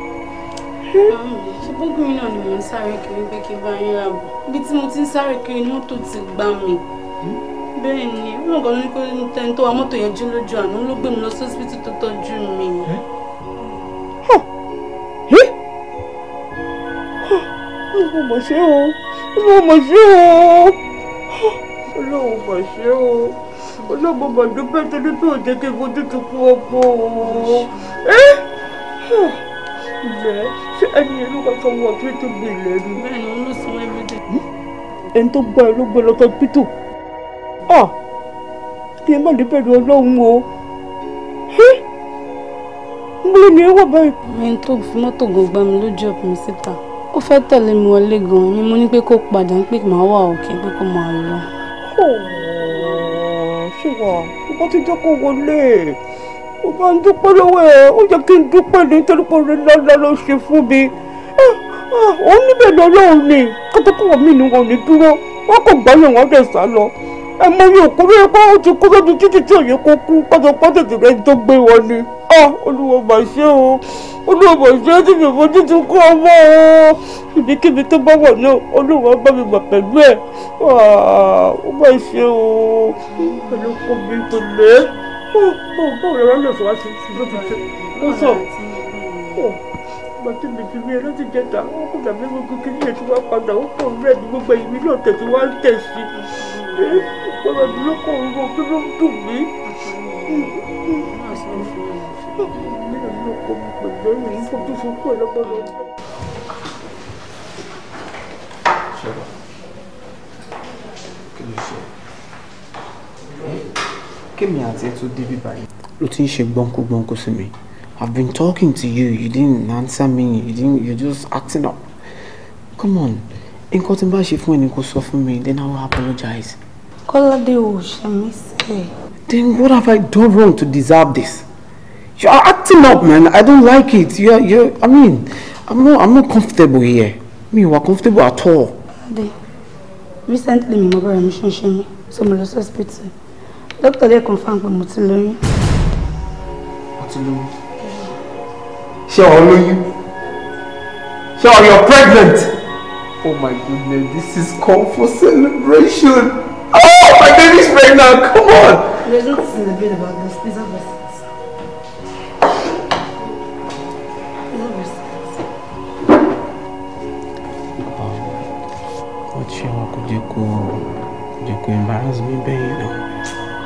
ṣé bógun náà ni mò ń sáré kiri pé kí n bá yín ààbò ibi tí mo ti ń sáré kiri ni mọ́tò ti gbá mi bẹ́ẹ̀ ni wọn kàn ní kó tẹni tó wa mọ́tò yẹn jí lójú àná ló gbé mi lọ sí ọsibítù tó tọ́jú mi. mo mọ̀ ṣe o mo mọ̀ ṣe o olóhùn mọ̀ ṣe o olóhùn mọ̀ dúpẹ́ torí pé ò jẹ́ kí n fojú ti kú ọkọ o ilẹ̀ ṣé ẹni ìlú kan tó wọ kí tó gbé ilẹ̀ rí. bẹ́ẹ̀ni wọn ló sanwó ẹbí dé. ẹni tó gbọ́ ẹ ló gbé lọ́tọ́ pító ọ kí n má dé bẹ̀rù ọlọ́run o mo lè ní ẹ wọ báyìí. ẹni tó fi mọ́tò gan gbá mi lójú ọ̀pọ̀ mi síta ó fẹ́ tẹ̀lé mi wọlé gan-an ni mo ní pé kó padà ń pè máa wà òkè pé kó máa lọ. kò ṣùgbọ́n ìbọn ti jẹ́ kó wọlé mo bá ń dúpẹ́ lọ́wọ́ ẹ̀ ó yẹ kí n dúpẹ́ nítorí pé orin lọ́lá ló ṣe fún mi òun ah, ah, níbẹ̀ lọ́lọ́run ni kọ́tọ́kọ́wọ́ mi ni wọn ò ní dúró wọn kò gbọ́ lòun ọ̀dẹ̀ sá lọ ẹ̀ mọ mi ò kúrò pé ó ti kúrò ní títí tí òye kó kú kọ́tọ́kọ́ tètè rẹ̀ ń tó gbé wọn ni. Ah, olúwo mà ṣe o olúwo mà ṣe tí mi fojú ti kú ọmọ o ibikíbi tó bá wọ̀ náà olúwo bá mi mọ̀ pẹ̀lú ẹ̀ ah, ó mà ṣe o pẹ̀lú kó mi tó lé báwo lọ́rọ́ lè fọwọ́ sí ló ti ṣe ó sọ gbàtí mi ti rí ẹ jẹta ó kò dàbí gbogbo kí níyẹn ti wá padà ó kò rẹ ní gbogbo ìwé náà tẹ̀sí wá ń tẹ̀sí ìpọ̀lọ́dún ló kọ̀ ń kí ló ń dùn mí mi ò lọ pọ̀ pọ̀ lẹ́yìn mo tó fi kú ẹ lọ́pọ̀lọpọ̀. ṣọlá kí ló ṣe kémi àti ẹ tó débi báyìí. ló ti ń ṣe gbọ́nkúgbọ́nkú sí mi I've been talking to you you didn't answer me you didn't you're just acting up come on nǹkan tí n bá ṣe fún ẹ ni kò sọ fún mi then I will apologize. kọ́ládé ò ṣe mí sẹ́ẹ̀. then what have I done wrong to deserve this. You're acting up, man. I don't like it. You're, you're, I mean, I'm not, I'm not comfortable here. I mean, you are comfortable at all. Ade, recently, my mother and mission shame, so my little hospital. Doctor, they confirmed with mo ti Shall Mo ti lóyún. Ṣé you're pregnant. Oh my goodness, this is called for celebration. Oh, my baby's pregnant. Come on. There's nothing to celebrate about this. These are jẹ́ kó jẹ́ kó embarrass mi bẹ́yìn náà.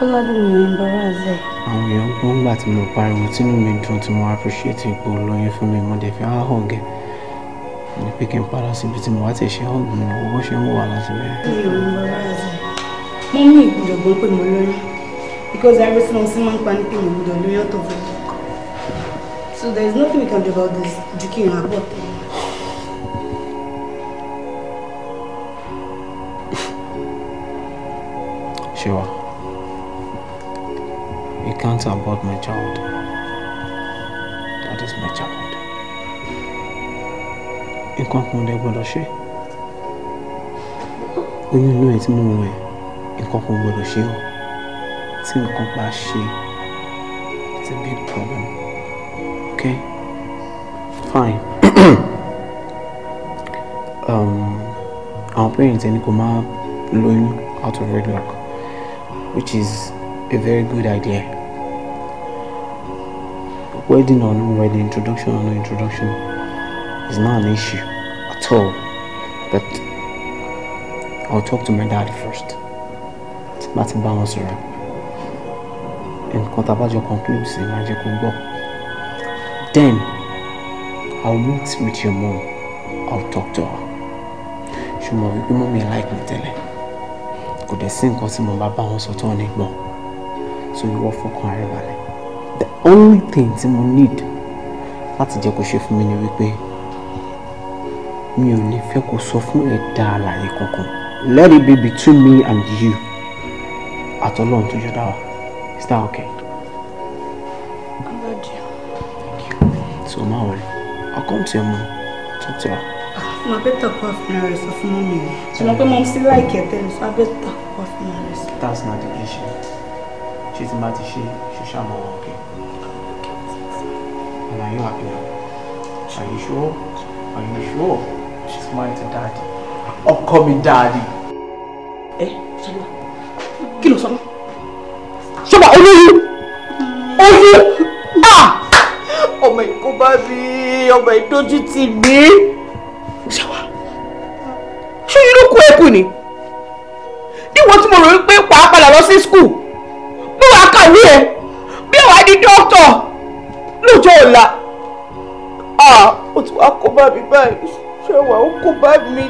ọlọ́dún mi embarrass ẹ̀. àwọn èèyàn gbọ́ ńgbà tí mo pariwo tínú mi dùn tí mo appreciate ipò lóyún fún mi mo dẹ̀ fi hàn hàn gẹ̀ ní pé kí n padà síbi tí mo wá ti ṣe ọ̀gbìn náà owó ṣe ń wà láti bẹ̀rẹ̀. mo mú ìgbìyànjú pé mo lóyún because every single sin máa ń pa ní pé mo gbọ́dọ̀ lóyún ọ̀tọ̀ fún mi so there is nothing we can do about this ju kí n abort ẹ̀. can't abort my child. That is my child. Nǹkan kan dẹ̀ gbọ́dọ̀ ṣe. Oyún inú ẹ̀ tí mo rìn, nǹkan kan gbọ́dọ̀ ṣe o. Tí nǹkan bá ṣe, it's a big problem. Okay? Fine. um, our parents are kò máa out of wedlock, which is a very good idea. Wedding or no wedding, introduction or no introduction, is not an issue at all. But I'll talk to my dad first. That's a balance around. And Kotabajo concludes in Magic Bo. Then I'll meet with your mom. I'll talk to her. She mọ̀ wípé mọ́mí like me tẹ́lẹ̀. Kò dẹ̀ sí nǹkan tí mo bá bá wọn sọ more, so you So ìwọ fọkàn rẹ balẹ̀ only thing tí mo need láti jẹ́ kó ṣe fún mi ni wípé mi ò ní fẹ́ kó sọ fún ẹ̀dá alààyè kankan let it be between me and you àtọ́lọ́run tó jọ dá wa is that okay. So, Mama, I'll come to your mom. Talk to her. Ah, I better go off my rest of mommy. So, my mom still like it, then, so I better go off my rest. That's not the issue. She's mad, she, she's a mom you happy now? Are you sure? Are you sure? She's married to daddy. Ọkọ mi daddy. Ẹ eh, Ṣọlá, kí ló sọ lọ? Ṣọlá olóyún! Oyún! Ah! Ọmọ ìkó bá mi, ọmọ ìdójú ti mi. Ṣọlá, ṣé yín ló kú ẹkùn ni? Níwọ̀n tí mo rò wípé wàá padà lọ sí skul, bí wàá kàwé Be a wàá di dókítà lóòjọ́ ọ̀la. Ah, ó ti wá kó bá mi báyìí ṣé wà ó kó bá mi.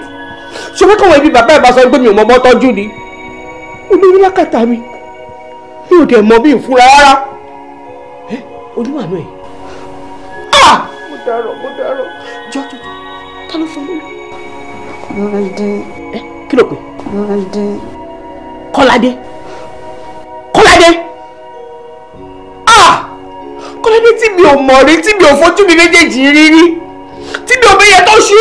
ṣé wọ́n kàn wọ́n ibi bàbá ẹ̀ bá sọ pé mi ò mọ ọmọ tọ́jú ni olórí lákàtà mi mi ò dẹ̀ mọ bí ìfura rárá olúwa náà ẹ̀ ah! mo dárọ̀ mo dárọ̀ jọ́jọ́ ta ló fún mi. Kọ́ládé. ẹ kí ló pè. Kọ́ládé. Kọ́ládé. Kọ́ládé kọ́lẹ́dé tí mi ò mọ̀ rí tí mi ò fojú mi méjèèjì rí rí tí mi ò bẹ́yẹ tó ṣú.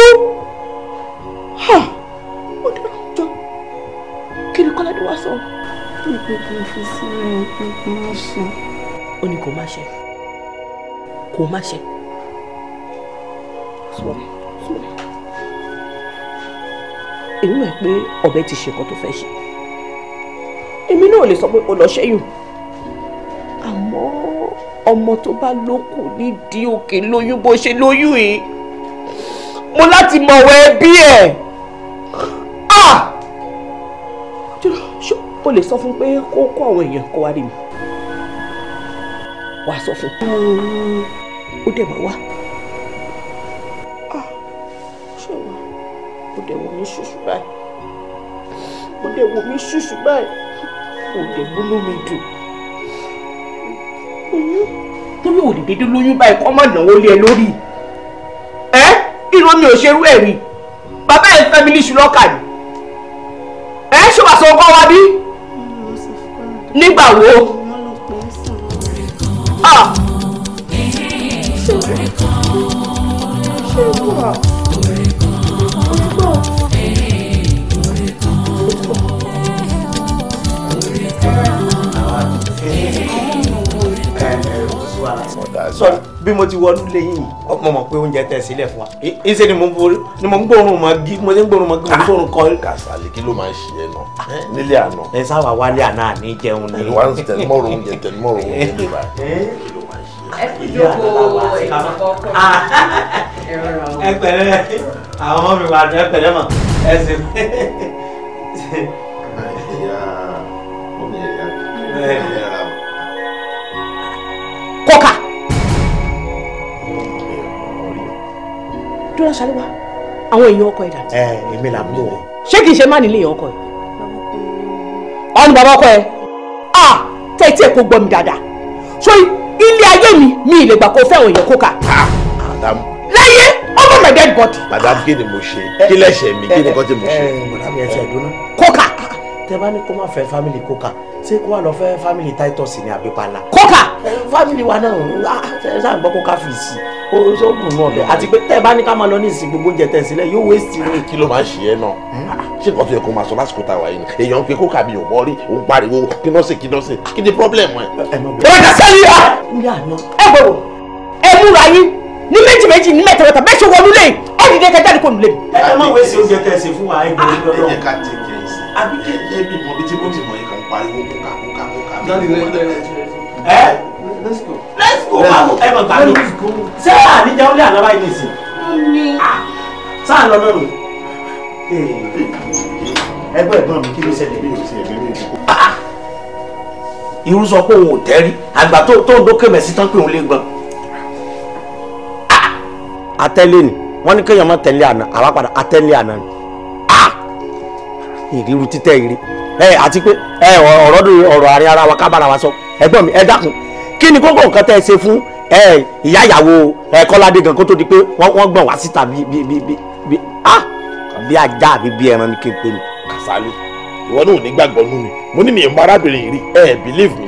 ó dé ọjọ́ kí ni kọ́lẹ́dé wá sọ. pípín fi sílẹ̀ pípín ṣe. ó ní kò má ṣe kò má ṣe. èmi mọ̀ pé ọ̀bẹ ti ṣe nǹkan tó fẹ́ ṣe èmi náà lè sọ pé ó lọ ṣẹ́yìn àmọ́ ọmọ tó bá lókù nídìí òkè lóyún bó ṣe lóyún yìí mo láti mọ̀wẹ́ ẹbí ẹ̀ ah o lè sọ fún pé kó kó àwọn èèyàn kó wá rí mi wàá sọ fún pé ó dẹ̀ máa wá ah ṣé wàá ó dẹ̀ wọ̀ mí ṣùṣù báyìí ó dẹ̀ wọ̀ mí ṣùṣù báyìí ó dẹ̀ múnú mi dùn oyún torí ò dédé lóyún báyìí kọ́ mọ̀ náwó lé ẹ lórí ẹ irú mi ò ṣerú ẹ̀ rí bàbá ẹ̀ fẹ́mílì ṣùlọ́kà ni ẹ ṣé wàá sọ ọkọ wa bí nígbà wo. Ah. Sure. Sure. sọrí bí mo ti wọnú lẹ́yìn mo mọ̀ pé oúnjẹ tẹ̀ sílẹ̀ fún wa ìṣe ni mo ń gbóòórùn mọ́ gí mo ti ń gbóòórùn mọ́ gí mo ti gbóòórùn kọ́. Ah, kàṣàlì kí ló máa ń ṣe ẹ náà ah. nílé àná. ẹ sáwà wálé àná àní jẹun ni. wà á oúnjẹ tẹnumọ́rò oúnjẹ ló bá ẹ fi jókòó ìtọ́kọ́ ah. ẹ pẹ̀lẹ́ àwọn ọmọ mi wà ní ẹ pẹ̀lẹ́ mọ̀ ẹ sì. Yeah. dúró ṣàlùwà àwọn èèyàn ọkọ ẹ dà. ẹ èmi làbúrò rẹ. ṣé kìí ṣe má nílé èèyàn ọkọ ẹ. ọ̀nù bàbá ọkọ ẹ à tẹ́tí ẹ̀ kò gbọ́ mi dáadáa ṣó ilé ayé mi mi ì lè gbà kó fẹ́ràn èèyàn kó kà. madam. láyé over my dead body. madam kí ni mo ṣe kí lẹ́sẹ̀ mi kí ni nǹkan tí mo ṣe. kókà tẹ bá ní kó má fẹ́ family coca ṣé kó wà lọ fẹ́ family titus ni àbí pala. coca. family wa náà ṣe ṣáà ń gbọ́ coca fìsì ó gùn náà bẹ́ẹ̀ àti pé tẹ bá ní ká máa lọ ní ìsìn gbogbo oúnjẹ tẹ̀ sílẹ̀ yóò waste rẹ̀. Ah, kí ló máa ń ṣe ẹ náà hmm? ah, ṣé nǹkan tó yẹ kó máa sọ lásìkò tá a wà yìí ni èèyàn ń pe coca mi ò mọ rí òun pariwo kí ló ṣe kí ló ṣe kí ni problem ẹ. ẹ bá sẹ́ni yá. ẹ gbọ́dọ̀ ẹ múra yín ní méjì méjì ní mẹ́ta mẹ́ta bẹ́ẹ̀ ṣe wọlé ẹ̀ dìde kẹjáde kò nù lé mi. ẹ má wẹ́sẹ̀ oúnjẹ tẹ̀ ṣe fún wa ẹ gbọ́dọ̀ àbí kéèké mi mọ̀ bí tí mo ti mọ̀ yìí kàn ń pariwo kóka kóka kóka mi. láti lè lè ẹ. let's go. let's go báwo ẹ mọ̀ gbàgbé ṣé àníjà ó lé àná báyìí nìsín. ní. sáà lọ lọ́nu. ẹgbẹ́ ẹ̀gbọ́n mi kí ló ṣẹlẹ̀ bí o ṣe ẹ̀gbẹ́ mi kó. Ah, ah. irú sọ pé òun ò tẹ́rí àgbà tó tó ń dókè mẹ́sì tán pé òun lè gbọ́n. àtẹ́lẹ̀ ah. ni wọ́n ní kéèyàn má tẹ̀lé àná àwa padà àtẹ́lẹ̀ àná ni ìrírú títẹ̀ ìrí ẹ àti pé ẹ ọ̀rọ̀ dùn ọ̀rọ̀ àárín ara wa kábàrà wa sọ ẹ̀gbọ́n mi ẹ dákun kí ni kókó nǹkan tẹ́ ẹ ṣe fún ẹ ìyá ìyàwó ẹ kọ́ládé gan kó tó di pé wọ́n gbọ̀n wá síta bí bí bí bí ah bí ajá àbí bí ẹran ni kí n pè mí. Kàsálí ìwọ náà ò ní gbàgbọ́ nù mí mo ní mi ì mọ arábìnrin rí ẹ believe me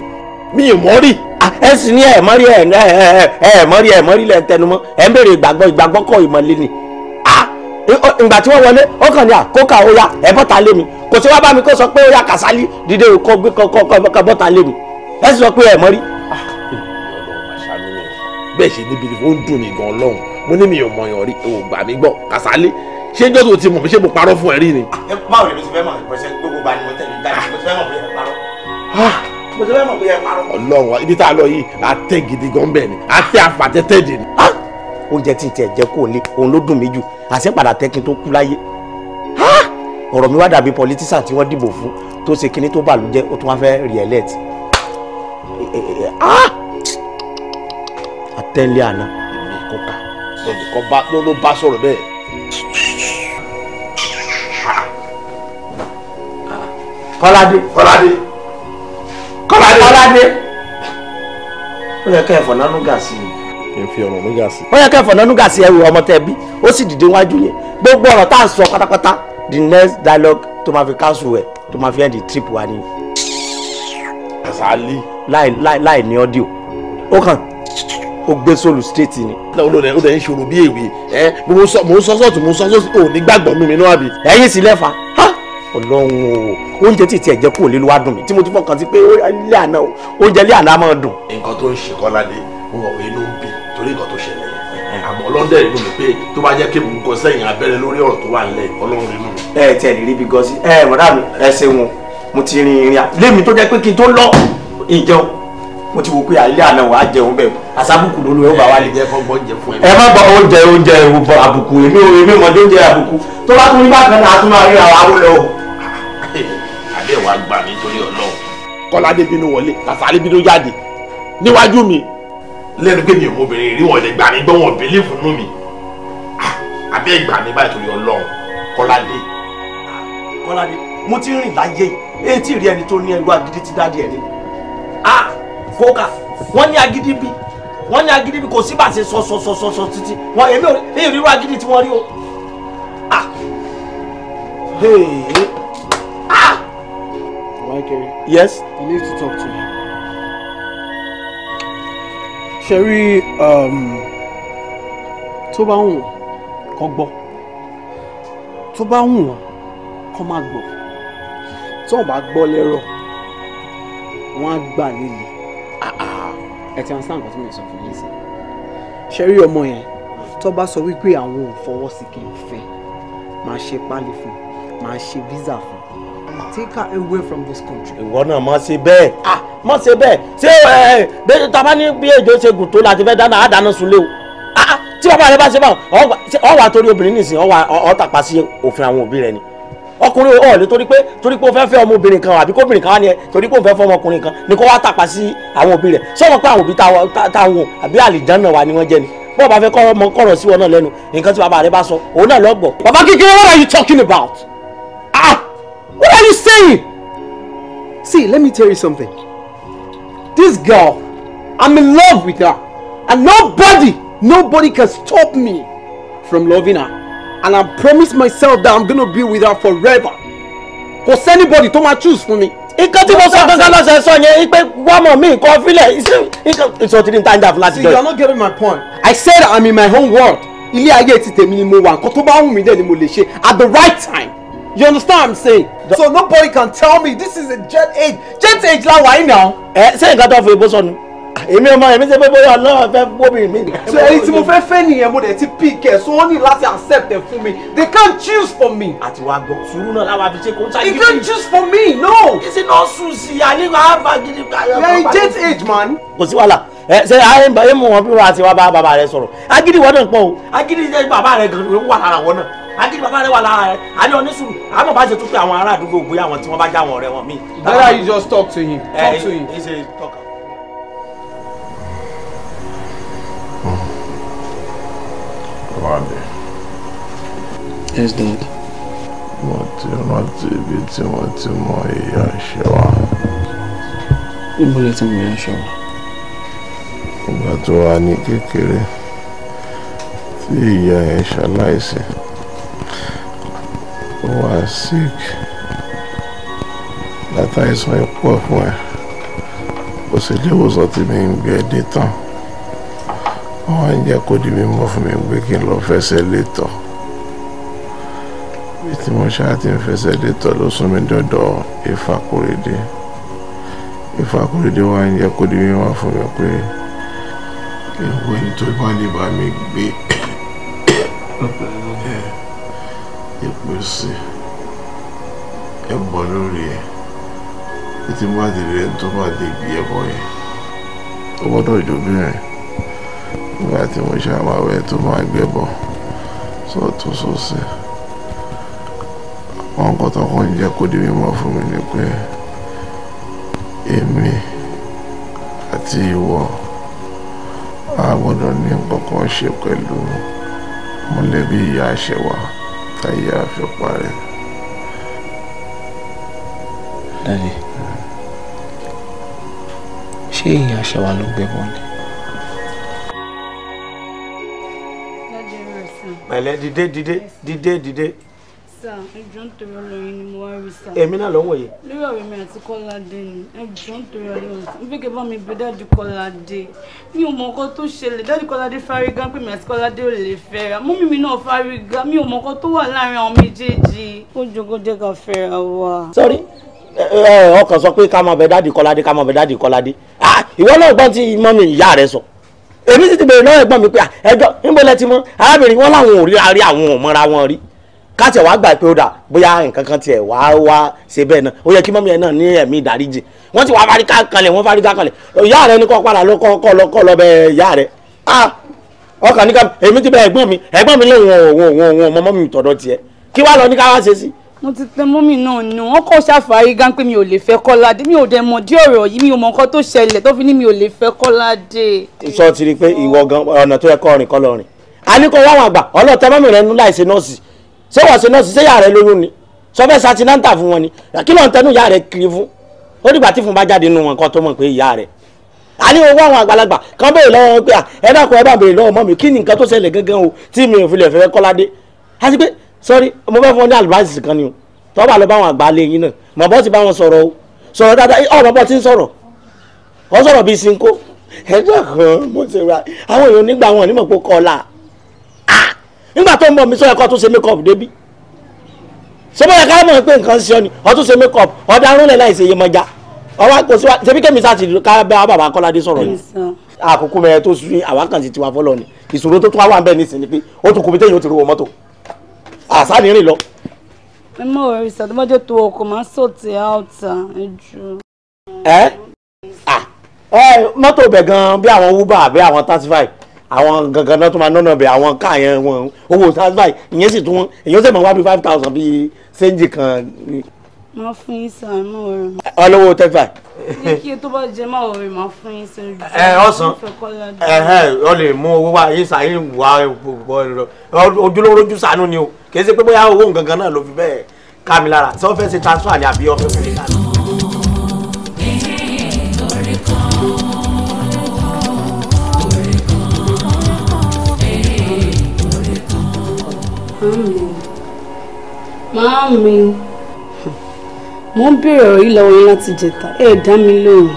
mi ì mọ rí. ẹ sì ní ẹ mọ rí ẹ ẹ ẹ mọ rí ẹ mọ rí lẹ ń tẹnumọ́ ẹ ń ìgbàgbọ́ ìgbàgbọ́ kọ ìmọ̀lẹ́ ni ìgbà tí wọ́n wọlé ó kàn ní àkókò ó ẹ bọ́ta lé mi kò sí wá bá mi kó sọ pé ó yá Kàsálí dìde kó gbé kọ́ bọ́ta lé mi ẹ sì sọ pé ẹ mọ́ rí. Ah. bẹ́ẹ̀ ṣe níbi ó ń dùn mí gan lọ́hùn mo ní mi ò mọ ìyàn rí o gbà mí gbọ́ Kàsálí ṣé jọ́sọ̀ ti mọ̀ mi ṣé mo parọ́ fún ẹ rí ni. báwo ni mo ti fẹ́ mọ̀ pẹ̀sẹ̀ gbogbo bá ni mo tẹ̀lé jáde mo ti fẹ́ mọ̀ bóyá ẹ parọ́ ah. mo ti fẹ́ mọ̀ bóyá ẹ parọ́. Ọlọ́run ibi tá a lọ yìí àtẹ gidi gan bẹ́ẹ̀ ni àtẹ àfàtẹ́tẹ́ dì ní oúnjẹ tí tiẹ̀ jẹ́ kó lé òun ló dùn mí jù àṣẹ padà tẹ́kin tó kú láyé ọ̀rọ̀ mi wá dàbí politician tí wọ́n dìbò fún tó ṣe kinní tó bàlújẹ́ ó tún wá fẹ́ re-elect àtẹ́lẹ̀ àná èmi kò kà ẹnìkan bá ló bá sọ̀rọ̀ bẹ́ẹ̀. kọ́ládé kọ́ládé kọ́ládé kọ́ládé ó yẹ ká ẹ̀fọ́ nánú gà sí i kì í fi ọ̀nà núgà sí. wọ́n yẹ kẹ́ fọ̀nà núgà sí ọmọ tẹ́ bí ó sì dìde wájú yẹn gbogbo ọ̀rọ̀ tá à sọ pátápátá the next dialogue tó máa fi cancel ẹ̀ tó máa fi end the trip wa ni. láì ní ọ́díò ó kàn ó gbé sólù straight ni. olóòdè olóòdè ń ṣòro bí èwe ẹ mo ń sọ mo ń sọ sọ́ọ̀tún mo ń sọ sọ́ọ̀tún ò ní gbàgbọ́ nù mí náà àbí. ẹ̀yin sì lẹ́fà á ọlọ́run o oúnjẹ tí tiẹ̀ jẹ́ kúrò lélu wá dùn mí tí mo ti fọkàn sí pé ilé àná oúnjẹ ilé àná máa dùn. nǹkan tó ń ṣe kọ́ládé mo rò pé inú ń bí torí nǹkan tó ṣẹlẹ̀ yẹn àmọ́ ọlọ́dẹ inú mi pé tó bá jẹ́ kí mo gọ sẹ́yìn abẹ́rẹ́ lórí ọ̀rọ̀ tó wà nílẹ̀ ọlọ́run inú mi. ẹ tiẹ̀ lè rí ibi gan sí ẹ mọ̀dá mi ẹ ṣeun mo ti rin ìrìn lémi tó jẹ́ pé kí n tó lọ ìjẹun mo ti wo pé àlẹ́ àná wàá jẹun bẹ́ẹ̀ àsábùkù ló lu ẹ wà wá lè. ẹ má bọ oúnjẹ oúnjẹ ìwòbọ àbùkù èmi ò èmi mọ̀ oúnjẹ àbùkù tó bá tún ní bákan náà a tún máa rí àwọn awolọ. àbẹ̀ wàá gbà mí torí ọlọ́run. kọ́ládé bínú wọlé tàṣàlẹ́ bínú jáde níwájú mi lẹ́nu pé mi ò mọbìnrin rí wọn lè gbà mí gbọ́ wọn bìlífù nú mi ah, àbí ìgbà mi báyìí torí ọlọ́run kọ́ládé. Ah, kọ́ládé mo ti rìn láyé etí rí ẹni tó ní ẹlú agídí ti dáadé ẹni. a ah, kóka wọ́n ní agídí bí wọ́n ní agídí bí kò sí bàṣẹ sọsọsọsọ títí wọn èmi ò èyí rírú agídí tí wọ́n rí o. a hey a. Michael. Yes. I need to talk to you ṣe rí um, tó bá wù wọ́n kọ́ gbọ́ tó bá wù wọ́n kọ́ má gbọ́ tó bá gbọ́ lẹ́rọ̀ wọ́n á gbà líle ah, ah. ẹ ti understand nǹkan tí mo sọ fún yín sí ṣe rí ọmọ yẹn tó bá sọ wípé àwọn ò fọwọ́ sí kí n fẹ́ máa ṣe pálí fún máa ṣe visa fún take her away from this country. ìwọ náà máa ṣe bẹ́ẹ̀. ah mọ̀ ṣe bẹ́ẹ̀ ṣé ẹ ẹ tàbá ní bí èjò ṣe gùn tó láti fẹ́ dáná àdáná sunlé o ah, ah, tí bàbá rẹ bá ṣe báwọn ọwà torí obìnrin nìsín ọwà ọtàpá sí òfin àwọn òbí rẹ ni ọkùnrin ò lè torí pé torí pé ó fẹ́ fẹ́ ọmọbìnrin kan àbí kóbìnrin kan wá ni ẹ torí pé ó fẹ́ fẹ́ ọmọkùnrin kan ni kó wá tàpá sí àwọn òbí rẹ sọmọ pé àwọn òbí táwọn àbí àlìjánná wa ni wọ́n jẹ́ ni bọ́ọ̀ bá fẹ́ kọ́ ọmọ sí wọn náà lẹ́nu nǹkan tí bàbá rẹ bá sọ òun náà lọ́gbọ̀. bàbá kékeré what are you talking about? ah what are you saying? see let me tell you something This girl, I'm in love with her. And nobody, nobody can stop me from loving her. And I promise myself that I'm gonna be with her forever. Kò anybody tó máa choose fún mi. Ikọ́ tí mo sọ gangan lọ́sẹ̀ sọ yẹn pé wọ́mọ̀ mi nǹkan fílẹ̀ ìṣó ti ní tàǹdà fún láti jọ. See, you are not getting my point. I said I'm in my own world. Ilé ayé ti tèmi ni mo wà, nǹkan tó bá wù mí dẹ̀ ni mo lè ṣe at the right time. You understand what I'm saying? So nobody can tell me this is a jet age. Jet age la wà yìí now. Ẹ eh, ṣé nǹkan tó fi bó sọnù? Èmi ọmọ èmi ṣe pé bóyá ọlọ́run fẹ́ bóbi mi. So ẹni tí mo fẹ́ fẹ́ nìyẹn mo dẹ̀ ti pick ẹ̀ so ó ní láti accept ẹ̀ fún mi. They can't choose for me. Àti wàá gbọ́ sùúrù náà láwa fi ṣe kó sáyé. They can't choose for me, no. Kìsì náà sùn sí àlejò àbá gidi. Yẹ jet age man. Kò sí wàhálà ẹ eh, ṣe ayé ń mú wọn bí wọn àti wọn bá bàbá rẹ sọ̀rọ̀. Agídí wọn náà pọ̀ o. Agídí bàbá rẹ gan-an wà lára wọn náà agídí bàbá rẹ wà lára rẹ àní onísùúrù àmọ́ bá ṣe tún pé àwọn ará àdúgbò bóyá àwọn tí wọ́n bá já àwọn ọ̀rẹ́ wọn mí. better you just talk to him eh, talk to him. he say talk am. Yes, Dad. Mo ti rántí ibi tí wọ́n ti mọ ìyá ṣe wá. Níbo lẹ ti mọ ìyá ṣe wá? Ìgbà tó wà ní kékeré tí ìyá yẹn ṣaláìsí ó wà sick látàìsàn ẹ̀ pọ̀ fún ẹ̀ ó sì léwòsàn tí mi ń gbé dé tán wọ́n ń jẹ́ kó di mímọ́ fún mi pé kí n lọ fẹsẹ̀ létọ̀ bí tí mo ṣáà ti ń fẹsẹ̀ létọ̀ ló sún mi dọ́dọ̀ ìfakúrédé ìfakúrédé wọ́n ń jẹ́ kó di mímọ́ fún mi pé ìwé tó bá lè bá mi gbé epo sí ẹ bọ́ lórí ẹ títí má ti rẹ tó má débi ẹbọ yẹn ó gbọ́dọ̀ jóbìnrin nígbà tí mo ṣe àwáwẹ tó máa gbẹbọ sọ́ọ̀tún sósì àwọn nǹkan tó kàn ń jẹ́ kó di mímọ̀ fún mi ni pé èmi àti ìwọ a gbọ́dọ̀ ní nǹkan kan ṣe pẹ̀lú mọ̀lẹ́bí ìyá àṣẹwàá táyé àfi parẹ́. dáre ṣé ìyá àṣàwà ló gbé wọn ni. pẹ̀lẹ́ dìde dìde dìde dìde sà ẹjọ́ ń torí ọlọ́run ni mo wá rí sà. èmi náà lọ́wọ́ yìí. lórí ọ̀rẹ́ mi àti kọ́ládé ni ẹjọ́ ń torí ọlọ́run sà níbi bá mi bẹ dáàdì kọ́ládé mi ò mọ nǹkan tó ṣẹlẹ̀ dáàdì kọ́ládé fárígá pé mi àti kọ́ládé ò lè fẹ́ra mú mímí náà fárígá mi ò mọ nǹkan tó wà láàrin àwọn méjèèjì ó jogún ká fẹ́ra wa. sọ́rí ọkàn sọ pé ká má bẹ dáàdì kọ́ládé ká má bẹ dáàdì kọ́ládé èmi sì ti bèrè lọ́wọ́ ẹ̀gbọ́n mi pé ẹjọ́ níbo lẹ ti mọ̀ arábìnrin wọn làwọn ò rí ara àwọn ò mọra wọn rí káàtì wàá gbà pé ó dà bóyá nǹkan kan tiẹ̀ wàá wá ṣe bẹ́ẹ̀ náà ó yẹ kí mọ́mí ẹ̀ náà ní ẹ̀mí ìdáríjì wọ́n ti wàá fárígá kanlẹ̀ wọ́n fárígá kanlẹ̀ ìyá rẹ ní kọ́ padà lọ́kọ́ lọ́kọ́ lọ́bẹ̀ ìyá rẹ ah ọkàn ní ká èmi ti bẹ ẹ̀gbọ́n mi ẹ̀gbọ́n mi lè wọ̀n wọ̀n wọ̀n wọ̀n mọ́mọ́ mi tọ̀dọ̀ tiẹ̀ kí wàá lọ ní ká wá ṣe sí. mo ti tẹ mọ́mì náà nù wọ́n kọ́ ṣàfàárí gan pé mi ò lè fẹ́ Kọ́ládé mi ò dẹ̀ mọ̀ dí ọ̀rọ̀ yìí mi ò mọ̀ nǹkan tó ṣẹlẹ̀ tó fi ní mi ò lè fẹ́ Kọ́ládé. sọ ti rí i pé ìwọ gan ọ̀nà tó yẹ kọ́ ọ̀rìn kọ́ lọ́ọ̀rìn a ní kó wá wọn àgbà ọlọ́ọ̀tẹ́ mọ́mì rẹ nú láìsí nọ́ọ̀sì ṣé wọ́n ṣe nọ́ọ̀sì ṣé yà rẹ lóyún ni sọ fẹ́ satinanta fún wọn ni kí ló ń tẹnu yà rẹ kiri fún ó dìgbà tí fún bá jáde nínú wọn kan tó mọ̀ pé ìyá rẹ̀ a ní owó àwọn àgbàlagbà kan béèrè lọ́wọ́ wọn pé ẹ dákun ẹ bá béèrè lọ́wọ́ mọ́ mi kí ni nǹkan tó ṣẹlẹ̀ gangan o tí mi ò fi lè fẹ́ kọ́ládé àti pé sọ́rí mo fẹ́ fún ọ ní àlùbáṣì kan ni o tọ́ bá lọ bá àwọn àgbà yín náà mọ̀ bọ́ ti bá wọn sọ̀rọ̀ o sọ̀rọ̀ dáadáa ọ̀ bọ́ bọ́ ti ń sọ̀rọ̀ ọ sọ̀rọ̀ bíi sinko ẹ dákun mo ṣe ra àwọn èèyàn nígbà wọn nímọ̀ pé kọ́lá nígbà tó ń bọ̀ mí sọ ẹ̀kọ́ tó ṣe makeup débi ṣé bóyá ká mọ̀ pé nǹkan ṣe ọ ni ọ tún ṣe makeup ọ̀daràn lẹ̀ láì ṣe Yemọja ọwọ́ kò síwá ṣebí kẹ́mi sáà ti ká bá bàbá Kọ́ládé sọ̀rọ̀ yìí àkókò mẹ́rin tó sún àwa kan ti tiwa fọlọ́ ni ìṣòro tó tún wá wà bẹ́ẹ̀ nísìnyí ni pé ó tún kùmí téèyàn ti rówó mọ́tò àṣà lọ. mímọ òrì sàdúmọjọ tó o kò máa sòtì àwòtà ju. ẹ ẹ mọ́tò bẹ̀ gan bí àwọn uber bí àwọn thirty àwọn gangan náà tó máa nọ́nà bẹ̀ àwọn ká yẹn wọn owó sáfàì ìyẹn sì tún èyàn sì máa wá bí five thousand bíi séǹjì kan. máa fún yín sàn mọ́ ọ̀rọ̀. ọlọ́wọ́ tẹ́fà. ní kí tó bá jẹ máa ọ̀rẹ́ máa fún yín sàn. ẹ ọsàn ẹ ọ lè mú owó wá yín sàn yín wá ojúlówó ojú sànú ni o kì í ṣe pé bóyá owó gangan náà ló fi bẹ́ẹ̀ ká mi lára sọ fẹ́ ṣe transfer ni àbí ọ fẹ́ fẹ́ ká mi. Mami, mò ń béèrè ọ̀rọ̀ yìí lọ́wọ́ yín láti jẹta. Ẹ dá mi lóhùn.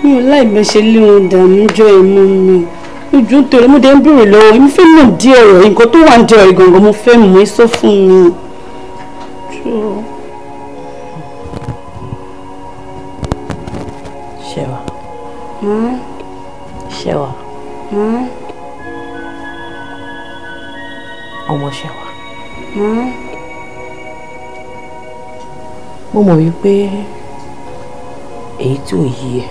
Mi ò láì bẹ́ ṣe léhùn dààmú jọ ẹ̀mú mi. Ojú ń tèrè mo dé ń béèrè lọ́wọ́. Èmi fẹ́ mọ̀ dí ọ̀rọ̀ yìí. Nǹkan tó wà ń di ọ̀rọ̀ gangan mo fẹ́ mọ̀ ẹ́ sọ fún mi. Ṣẹ̀wà. Hmm? Ṣẹ̀wà. Hmm? Ọmọ Ṣẹ̀wà. Hmm? mo mọ̀ wípé èyí tí ò yí ẹ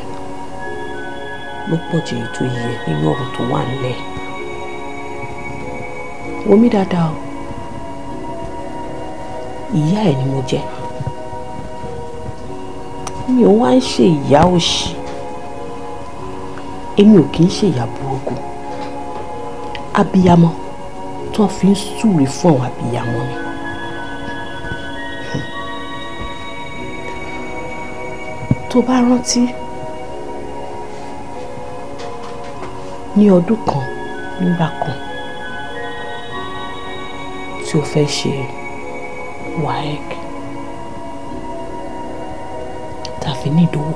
ló pọ̀ jù èyí tó yí ẹ nínú ọ̀rọ̀ tó wà nílẹ̀ wo dáadáa o ìyá ẹ ni mo jẹ́ mi ò wá ń ṣe ìyá òṣì èmi ò kì í ṣe ìyá burúkú abiyamọ tó fi ń súre fún àwọn abiyamọ ni. tó bá rántí ní ọdún kan nígbà kan tí o fẹ́ ṣe waec tàbí nídòwò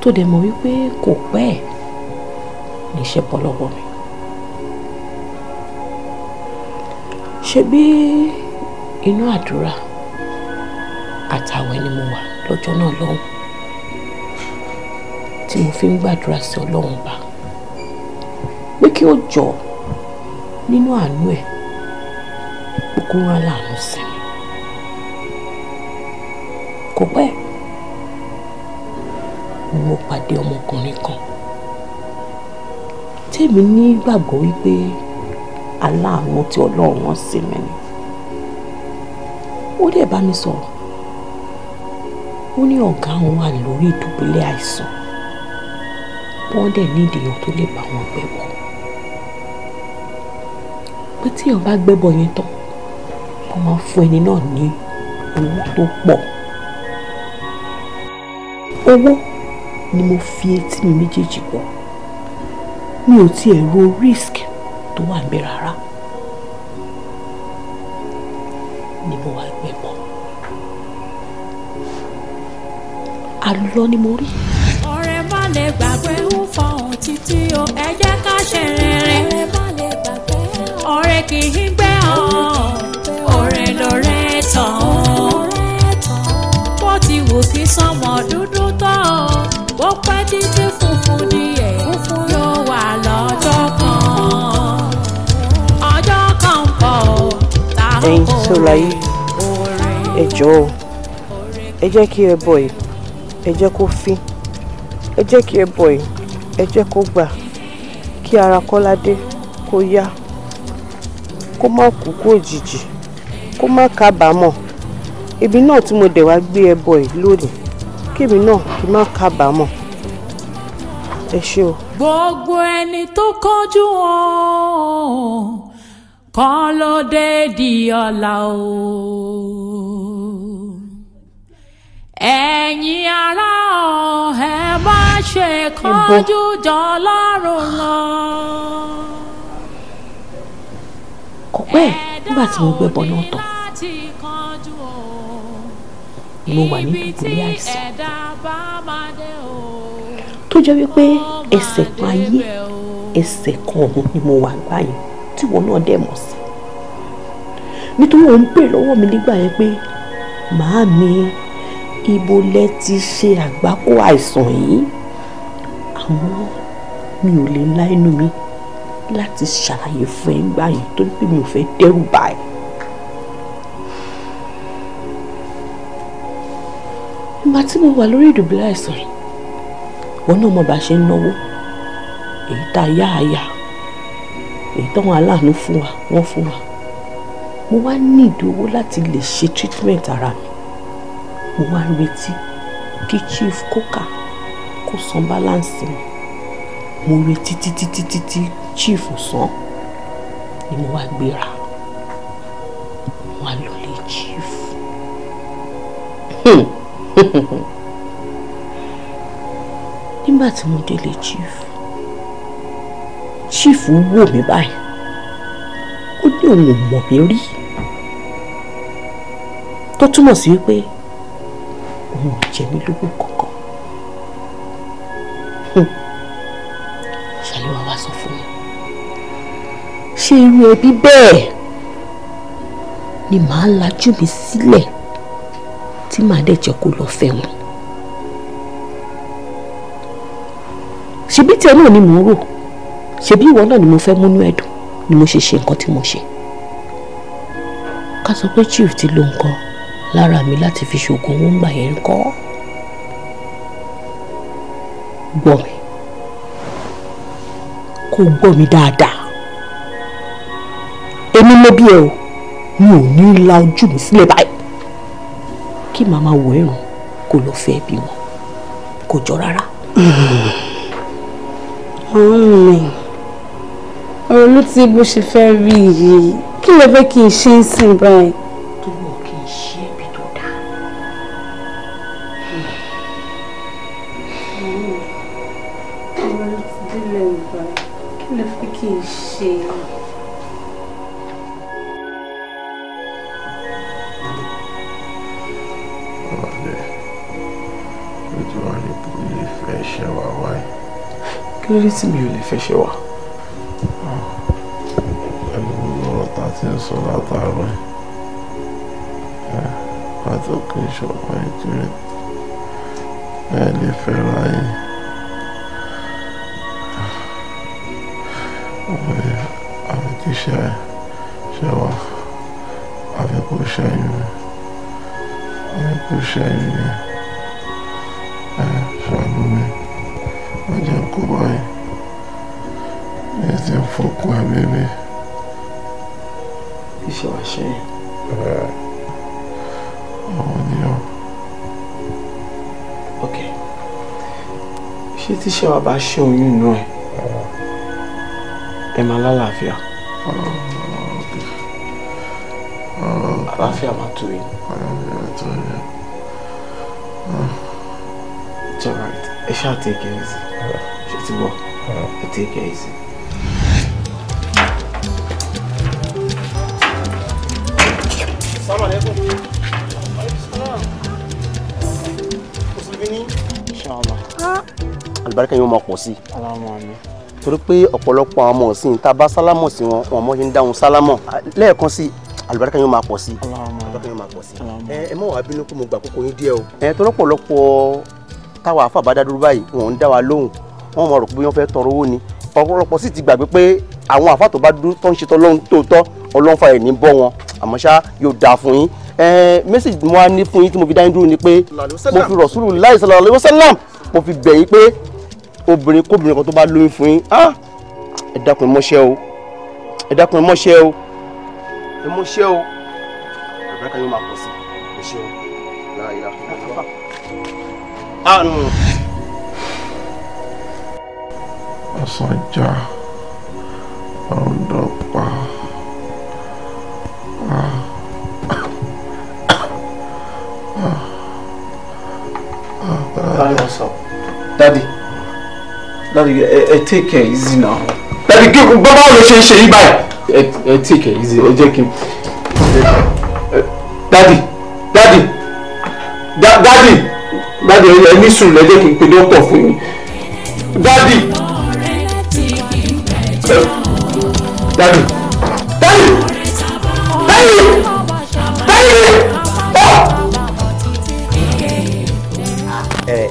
tó dẹ̀ mọ̀ wípé kò pẹ́ ẹ̀ níṣẹ́ bọ́ lọ́wọ́ mi. ṣebí inú àdúrà àtàwẹ̀ ni mo wà lọ́jọ́ náà lọ́hùn tí mo fi ń gbàdúrà sí ọlọ́run bá pé kí ó jọ nínú àánú ẹ̀ kó rán láàánú sí mi kò pẹ́ ni mo pàdé ọmọkùnrin kan tèmi nígbàgbọ́ wípé aláàánú tí ọlọ́run rán sí mi ni ó dẹ̀ bá mi sọ̀rọ̀ ó ní ọ̀gá òun wà lórí ìdùbúlẹ̀ àìsàn wọ́n dẹ̀ ní ìdèyàn tó lè bá wọn gbẹ̀bọ pé tíyàn bá gbẹ̀bọ yẹn tán wọ́n máa fún ẹni náà ní owó tó pọ̀ owó ni mo fi etí mi méjèèjì gbọ́ mi ò tiẹ̀ ro risk tó wà níbẹ̀ rárá lọ ni mo rí. ọ̀rẹ́ má lè gbàgbé ń fọhùn títí o ẹ jẹ́ ká ṣe rere. ọ̀rẹ́ kì í gbé hàn ọ̀rẹ́ lọ́rẹ́ tán. bó ti wù kí sọmọ dúdú tó bó pẹ́ títí funfun ni ẹ̀ yóò wà lọ́jọ́ kan. ọjọ́ kan pọ̀ o ta kò rí. tí ó láyé ẹ ẹ jẹ́ kí ẹ bọ̀ yìí ẹ jẹ́ kó fín ẹ jẹ́ kí ẹ bọ̀ yìí ẹ jẹ́ kó gbà kí ara Kọ́ládé kó yá kó má kú kú òjijì kó má kábàámọ̀ ibi náà tí mo dẹ̀ wá gbé ẹ bọ̀ yìí lónìí kébì náà kí má kábàámọ̀ ẹ ṣé o. gbogbo ẹni tó kọjú wọn kọ́ ló dé di ọ̀la o ẹ̀yin ará o ẹ má ṣe kánjú dọ́lọ́run lọ. kò pẹ́ nígbà tí mo gbé bọ́ náà tán mo wà ní ìbùkún ní àìsàn tó jẹ́ wípé ẹsẹ̀ kan ayé ẹsẹ̀ kan ọ̀hún ni mo wà báyìí tí wọn náà dẹ̀ mọ̀ sí nítorí òun pè lọ́wọ́ mi nígbà yẹn pé màá mi. Mami, ibo lẹ ti ṣe àgbákò àìsàn yìí àmọ́ mi ò lè la inú mi láti ṣàlàyé fún ẹ ńgbà yìí torí pé mi ò fẹ́ dẹ́rù bà ẹ́. ìgbà tí mo wà lórí ìdùbúlẹ̀ àìsàn yìí wọn náà mo bá ṣe ń náwó èyí tá a yá a yá èyí táwọn aláàánú fún wa wọ́n fún wa mo wá ní ìdí owó láti lè ṣe treatment ara mi mo wá retí kí chief coca kó san báláǹsì mi mo retí títí títí tí chief san ni mo wá gbéra mo wá lọlé chief hmm. nígbà tí mo délé chief chief wò mí báyìí ó ní òun ò mọ̀ mí rí tó túmọ̀ sí wípé wọn ò jẹ mí lówó kankan hmm. ṣàlùwà wá sọ fún mi ṣé irú ẹbí bẹ́ẹ̀ ni màá lajú mi sílẹ̀ tí màá dẹ̀ jẹ́ kó lọ fẹ́ wọn ṣebí tiẹ̀ náà ni mò ń rò ṣebí ìwọ náà ni mo fẹ́ múnú ẹ̀dùn ni mo ṣe ṣe nǹkan tí mo ṣe ká sọ pé chief ti lo nǹkan lára mi láti fi ṣoògùn owó ńgbà yẹn kọ́ gbọ́ mi kó gbọ́ mi dáadáa èmi ló bí ẹ o mi ò ní la ojú mi sílẹ̀ báyìí kí màmá wọ ẹ̀rùn kó lọ fẹ́ bímọ kò jọ rárá. ọ̀hún mi ọ̀rọ̀ ló ti ṣe fẹ́ rí yìí kí ló fẹ́ kí n ṣe ń sìn báyìí. bá ṣe oyún inú ẹ ẹ máa lálàáfíà àlàáfíà máa tó yìí. it's alright ẹ ṣáà take it easy ṣe ti bọ̀ ẹ take it easy. Assalamu alaikum. àlùbáríkà yóò máa pọ̀ sí torí pé ọ̀pọ̀lọpọ̀ àwọn ọmọ ọ̀sìn tá a bá sálámọ̀ sí wọn wọn mọ̀ ṣe ń dáhùn sálámọ̀ lẹ́ẹ̀kan sí àlùbáríkà yóò máa máa pọ̀ sí ẹ mọ̀ wá bínú kó mo gbà kókó yín díẹ̀ o. ẹ tó lọ́pọ̀lọpọ̀ táwa àfa àbádádúró báyìí wọn ń dá wa lóhùn wọn mọ̀ rò pé wọ́n fẹ́ tọrọ owó ni ọ̀pọ̀lọpọ̀ sì ti gbàgbé pé àwọn àfa bá dúró tó ń ṣe mo fi bẹ̀ yín pé obìnrin kóbìnrin kan tó bá lóyún fún yín ah, ẹ dákun ẹ mọ́ṣẹ́ o ẹ dákun ẹ mọ́ṣẹ́ o ẹ mọ́ṣẹ́ o àbúrákà yóò máa pọ̀ sí ẹ ṣe o láàyè àánú. ọ̀sánjà ọ̀dọ́pà Dadi láti ẹ eh, eh, eh, take care easy now. Daddy, give báwo ló ṣe ń ṣe yí báyìí. take care easy ẹ jẹ́ kí n. Daddy, Daddy, dadi dadi ẹ oh. ní sùn lẹ́jẹ̀ kí n pe dókítà fún mi dadi dadi dadi dadi dadi.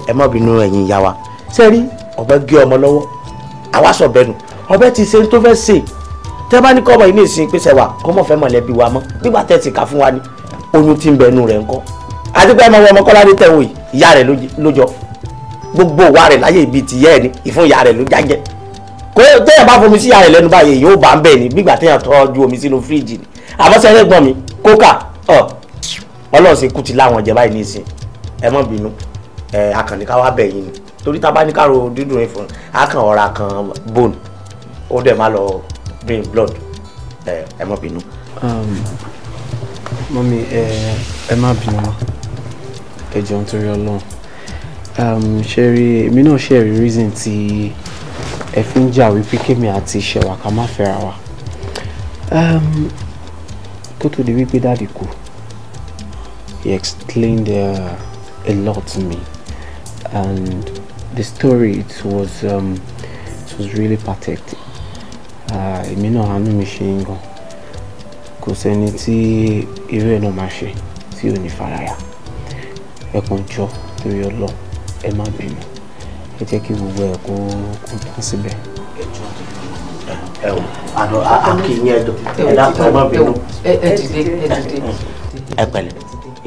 ẹ má bínú ẹ̀yin ìyá wa ṣe rí ọ̀bẹ gé ọmọ lọ́wọ́ àwa sọ bẹnu ọ̀bẹ ti ṣe tó fẹ́ ṣe tẹ́ bá ní kọ́mọ yìí ní ìsìn pèsè wa kọ́mọ fẹ́ mọ̀lẹ́bí wa mọ́ nígbà tẹ́ ti kà fún wa ní oyún tí ń bẹnu rẹ̀ ńkọ́ àti pé ọmọ kọ́lá ní tẹ̀wọ̀ yìí ìyá rẹ̀ lójọ gbogbo wa rẹ̀ láyé ibi tìyẹ́ ẹ̀ ní ìfún ìyá rẹ̀ ló jájẹ́ kó téèyàn bá fomi sí ìyá rẹ̀ lẹ́nu báyìí yóò bá ń bẹ̀ ní gbígbà téèyàn tọ́jú omi sínú fíríjì ni àbọ̀sẹ̀ ẹ̀gbọ́n mi kókà ọ̀ ọlọ́ọ̀sìn kùtì láwọn jẹ báyìí ní ìsìn ẹ má bínú ẹ̀ akànnì ká wá bẹ̀ ni torí tá a bá ní káàrò dídùn rẹ fún a kàn ọ̀ra kan bone ó dẹ̀ má lọ bring blood ẹ má bínú. Um, mọ́mí ẹ má bínú mọ́ ẹ jọ̀ọ́ torí ọlọ́run um, ṣe rí èmi náà ṣe rí reason tí ẹ fi ń jà wípé kémi àti ṣẹ̀wà ká má fẹ́ra wa um, kó tó di wípé dáàdì kú he explained uh, a lot to me and the story it was um, it was really pathetic no, me. go èmi náà àánú mi ṣe ń gan kò sẹ́ni tí irú ẹ̀ náà máa ṣe tí ò ní faraya ẹ kàn jọ torí ọlọ ẹ má bínú ẹ jẹ́ kí gbogbo ẹ̀ kó kó tán síbẹ̀. ẹ wò àná àkì yín ẹdọ ẹ dákun ẹ má bínú. ẹ dìde ẹ dìde. ẹ pẹ̀lẹ́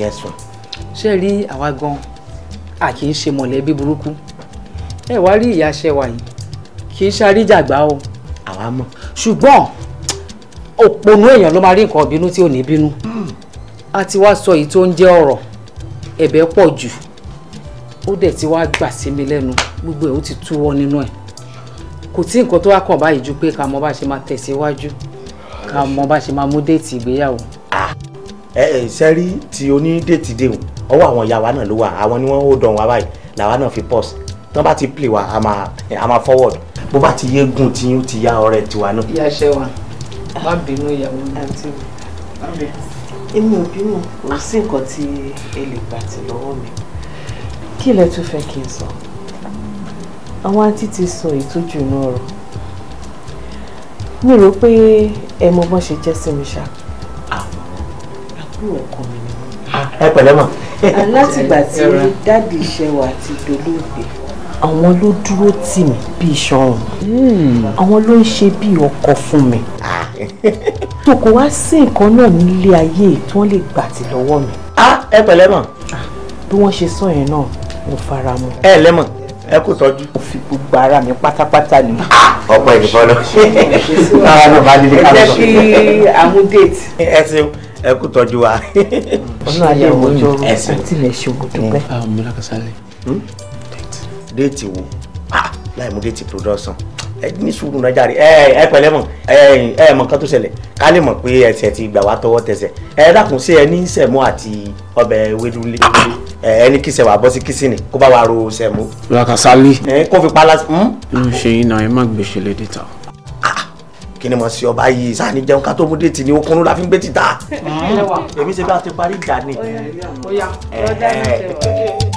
yẹ sùn. ṣé rí àwa gan a kì í ṣe mọ̀lẹ́bí burúkú ẹ wá rí ìyá aṣẹwà yìí kì í ṣàríjàgbá o àwa mọ̀ ṣùgbọ́n òpònú èèyàn ló máa rí nǹkan bínú tí ò ní bínú a ti wá sọ èyí tó ń jẹ́ ọ̀rọ̀ ẹ̀bẹ̀ pọ̀ jù ó dẹ̀ ti wá gbà sí mi lẹ́nu gbogbo ẹ̀ ó ti túwọ́ nínú ẹ̀ kò tí nǹkan tó wá kàn báyìí ju pé ká mọ bá ṣe máa tẹ̀síwájú ká mọ bá ṣe máa mú déètì ìgbéyàwó. ẹ ẹ sẹ́rí tí oní déètì dé ọwọ́ àwọn ìyá wa náà ló wà àwọn ni wọ́n ó dán wa báyìí làwa náà fi pọ́s tán bá ti play wa a máa forward bó bá ti yégun tí yóò ti yá ọ̀rẹ́ tiwa náà. ìyá ṣe wa má bínú ìyàwó mi àti má bínú. èmi ò bínú kò sí nǹkan tí ẹ lè gbà tì lọ́wọ́ mi kí ilẹ̀ tún fẹ́ kí n sọ àwọn àǹtí ti sọ ìtọ́jú inú ọ̀rọ̀ mi rò pé ẹ mọ bọ́n ṣe jẹ́ sí mi ṣá àwọn àbúrò ọkọ mi ni wọ́n. ẹ pẹ̀lẹ́ mọ̀. látìgbà tí dádì Ṣẹ́wà ti dolóògbé àwọn ló dúró tì mí bí iṣan hmm. àwọn ló ń ṣe bí ọkọ fún mi ah. tó kò wá sí nǹkan náà nílé ayé tí wọ́n lè gbà tì lọ́wọ́ mi. a ah, ẹ pẹ̀lẹ́ mọ̀. Ah, bí wọ́n ṣe sọ yẹn náà mo fara mọ́. ẹ lẹ́mọ̀ ẹ kò tọ́jú. mo fi gbogbo ara mi pátápátá ni. ọ̀pọ̀ ìdìbọn lọ. ara ló bá nílé ká lọ. ẹ jẹ́ kí àmúdéètì. ẹ ṣeun ẹ kú tọ́jú wa. ọ̀nà àyẹ̀wò ìjọba àti ilẹ̀ ṣòwò dúpẹ́ déètì wo láì mú déètì production ẹ ní sùúrù náà jàre ẹ ẹ pẹ̀lẹ́ mọ̀ ẹ ẹ mọ̀ nǹkan tó ṣẹlẹ̀ ká lè mọ̀ pé ẹsẹ̀ ti gbà wá tọwọ́ tẹsẹ̀ ẹ dákun sí ẹ ní sẹmó àti ọbẹ̀ ewédúlé ẹ ní kí sẹwà bọ sí kìsìnì kó bá wa ro sẹmó. làkàsálí. ẹ kó fi pala. inú hmm? ṣe yín náà ẹ má gbèsè lè dìtà. kí ni mo ṣe ọba yìí sani jẹun ká tó mú déètì ni okun la fi ń gbé títà. èmi ṣe bá ti parí ìjà ni. ó yá ó yá ó dá ní ìṣẹ̀wọ̀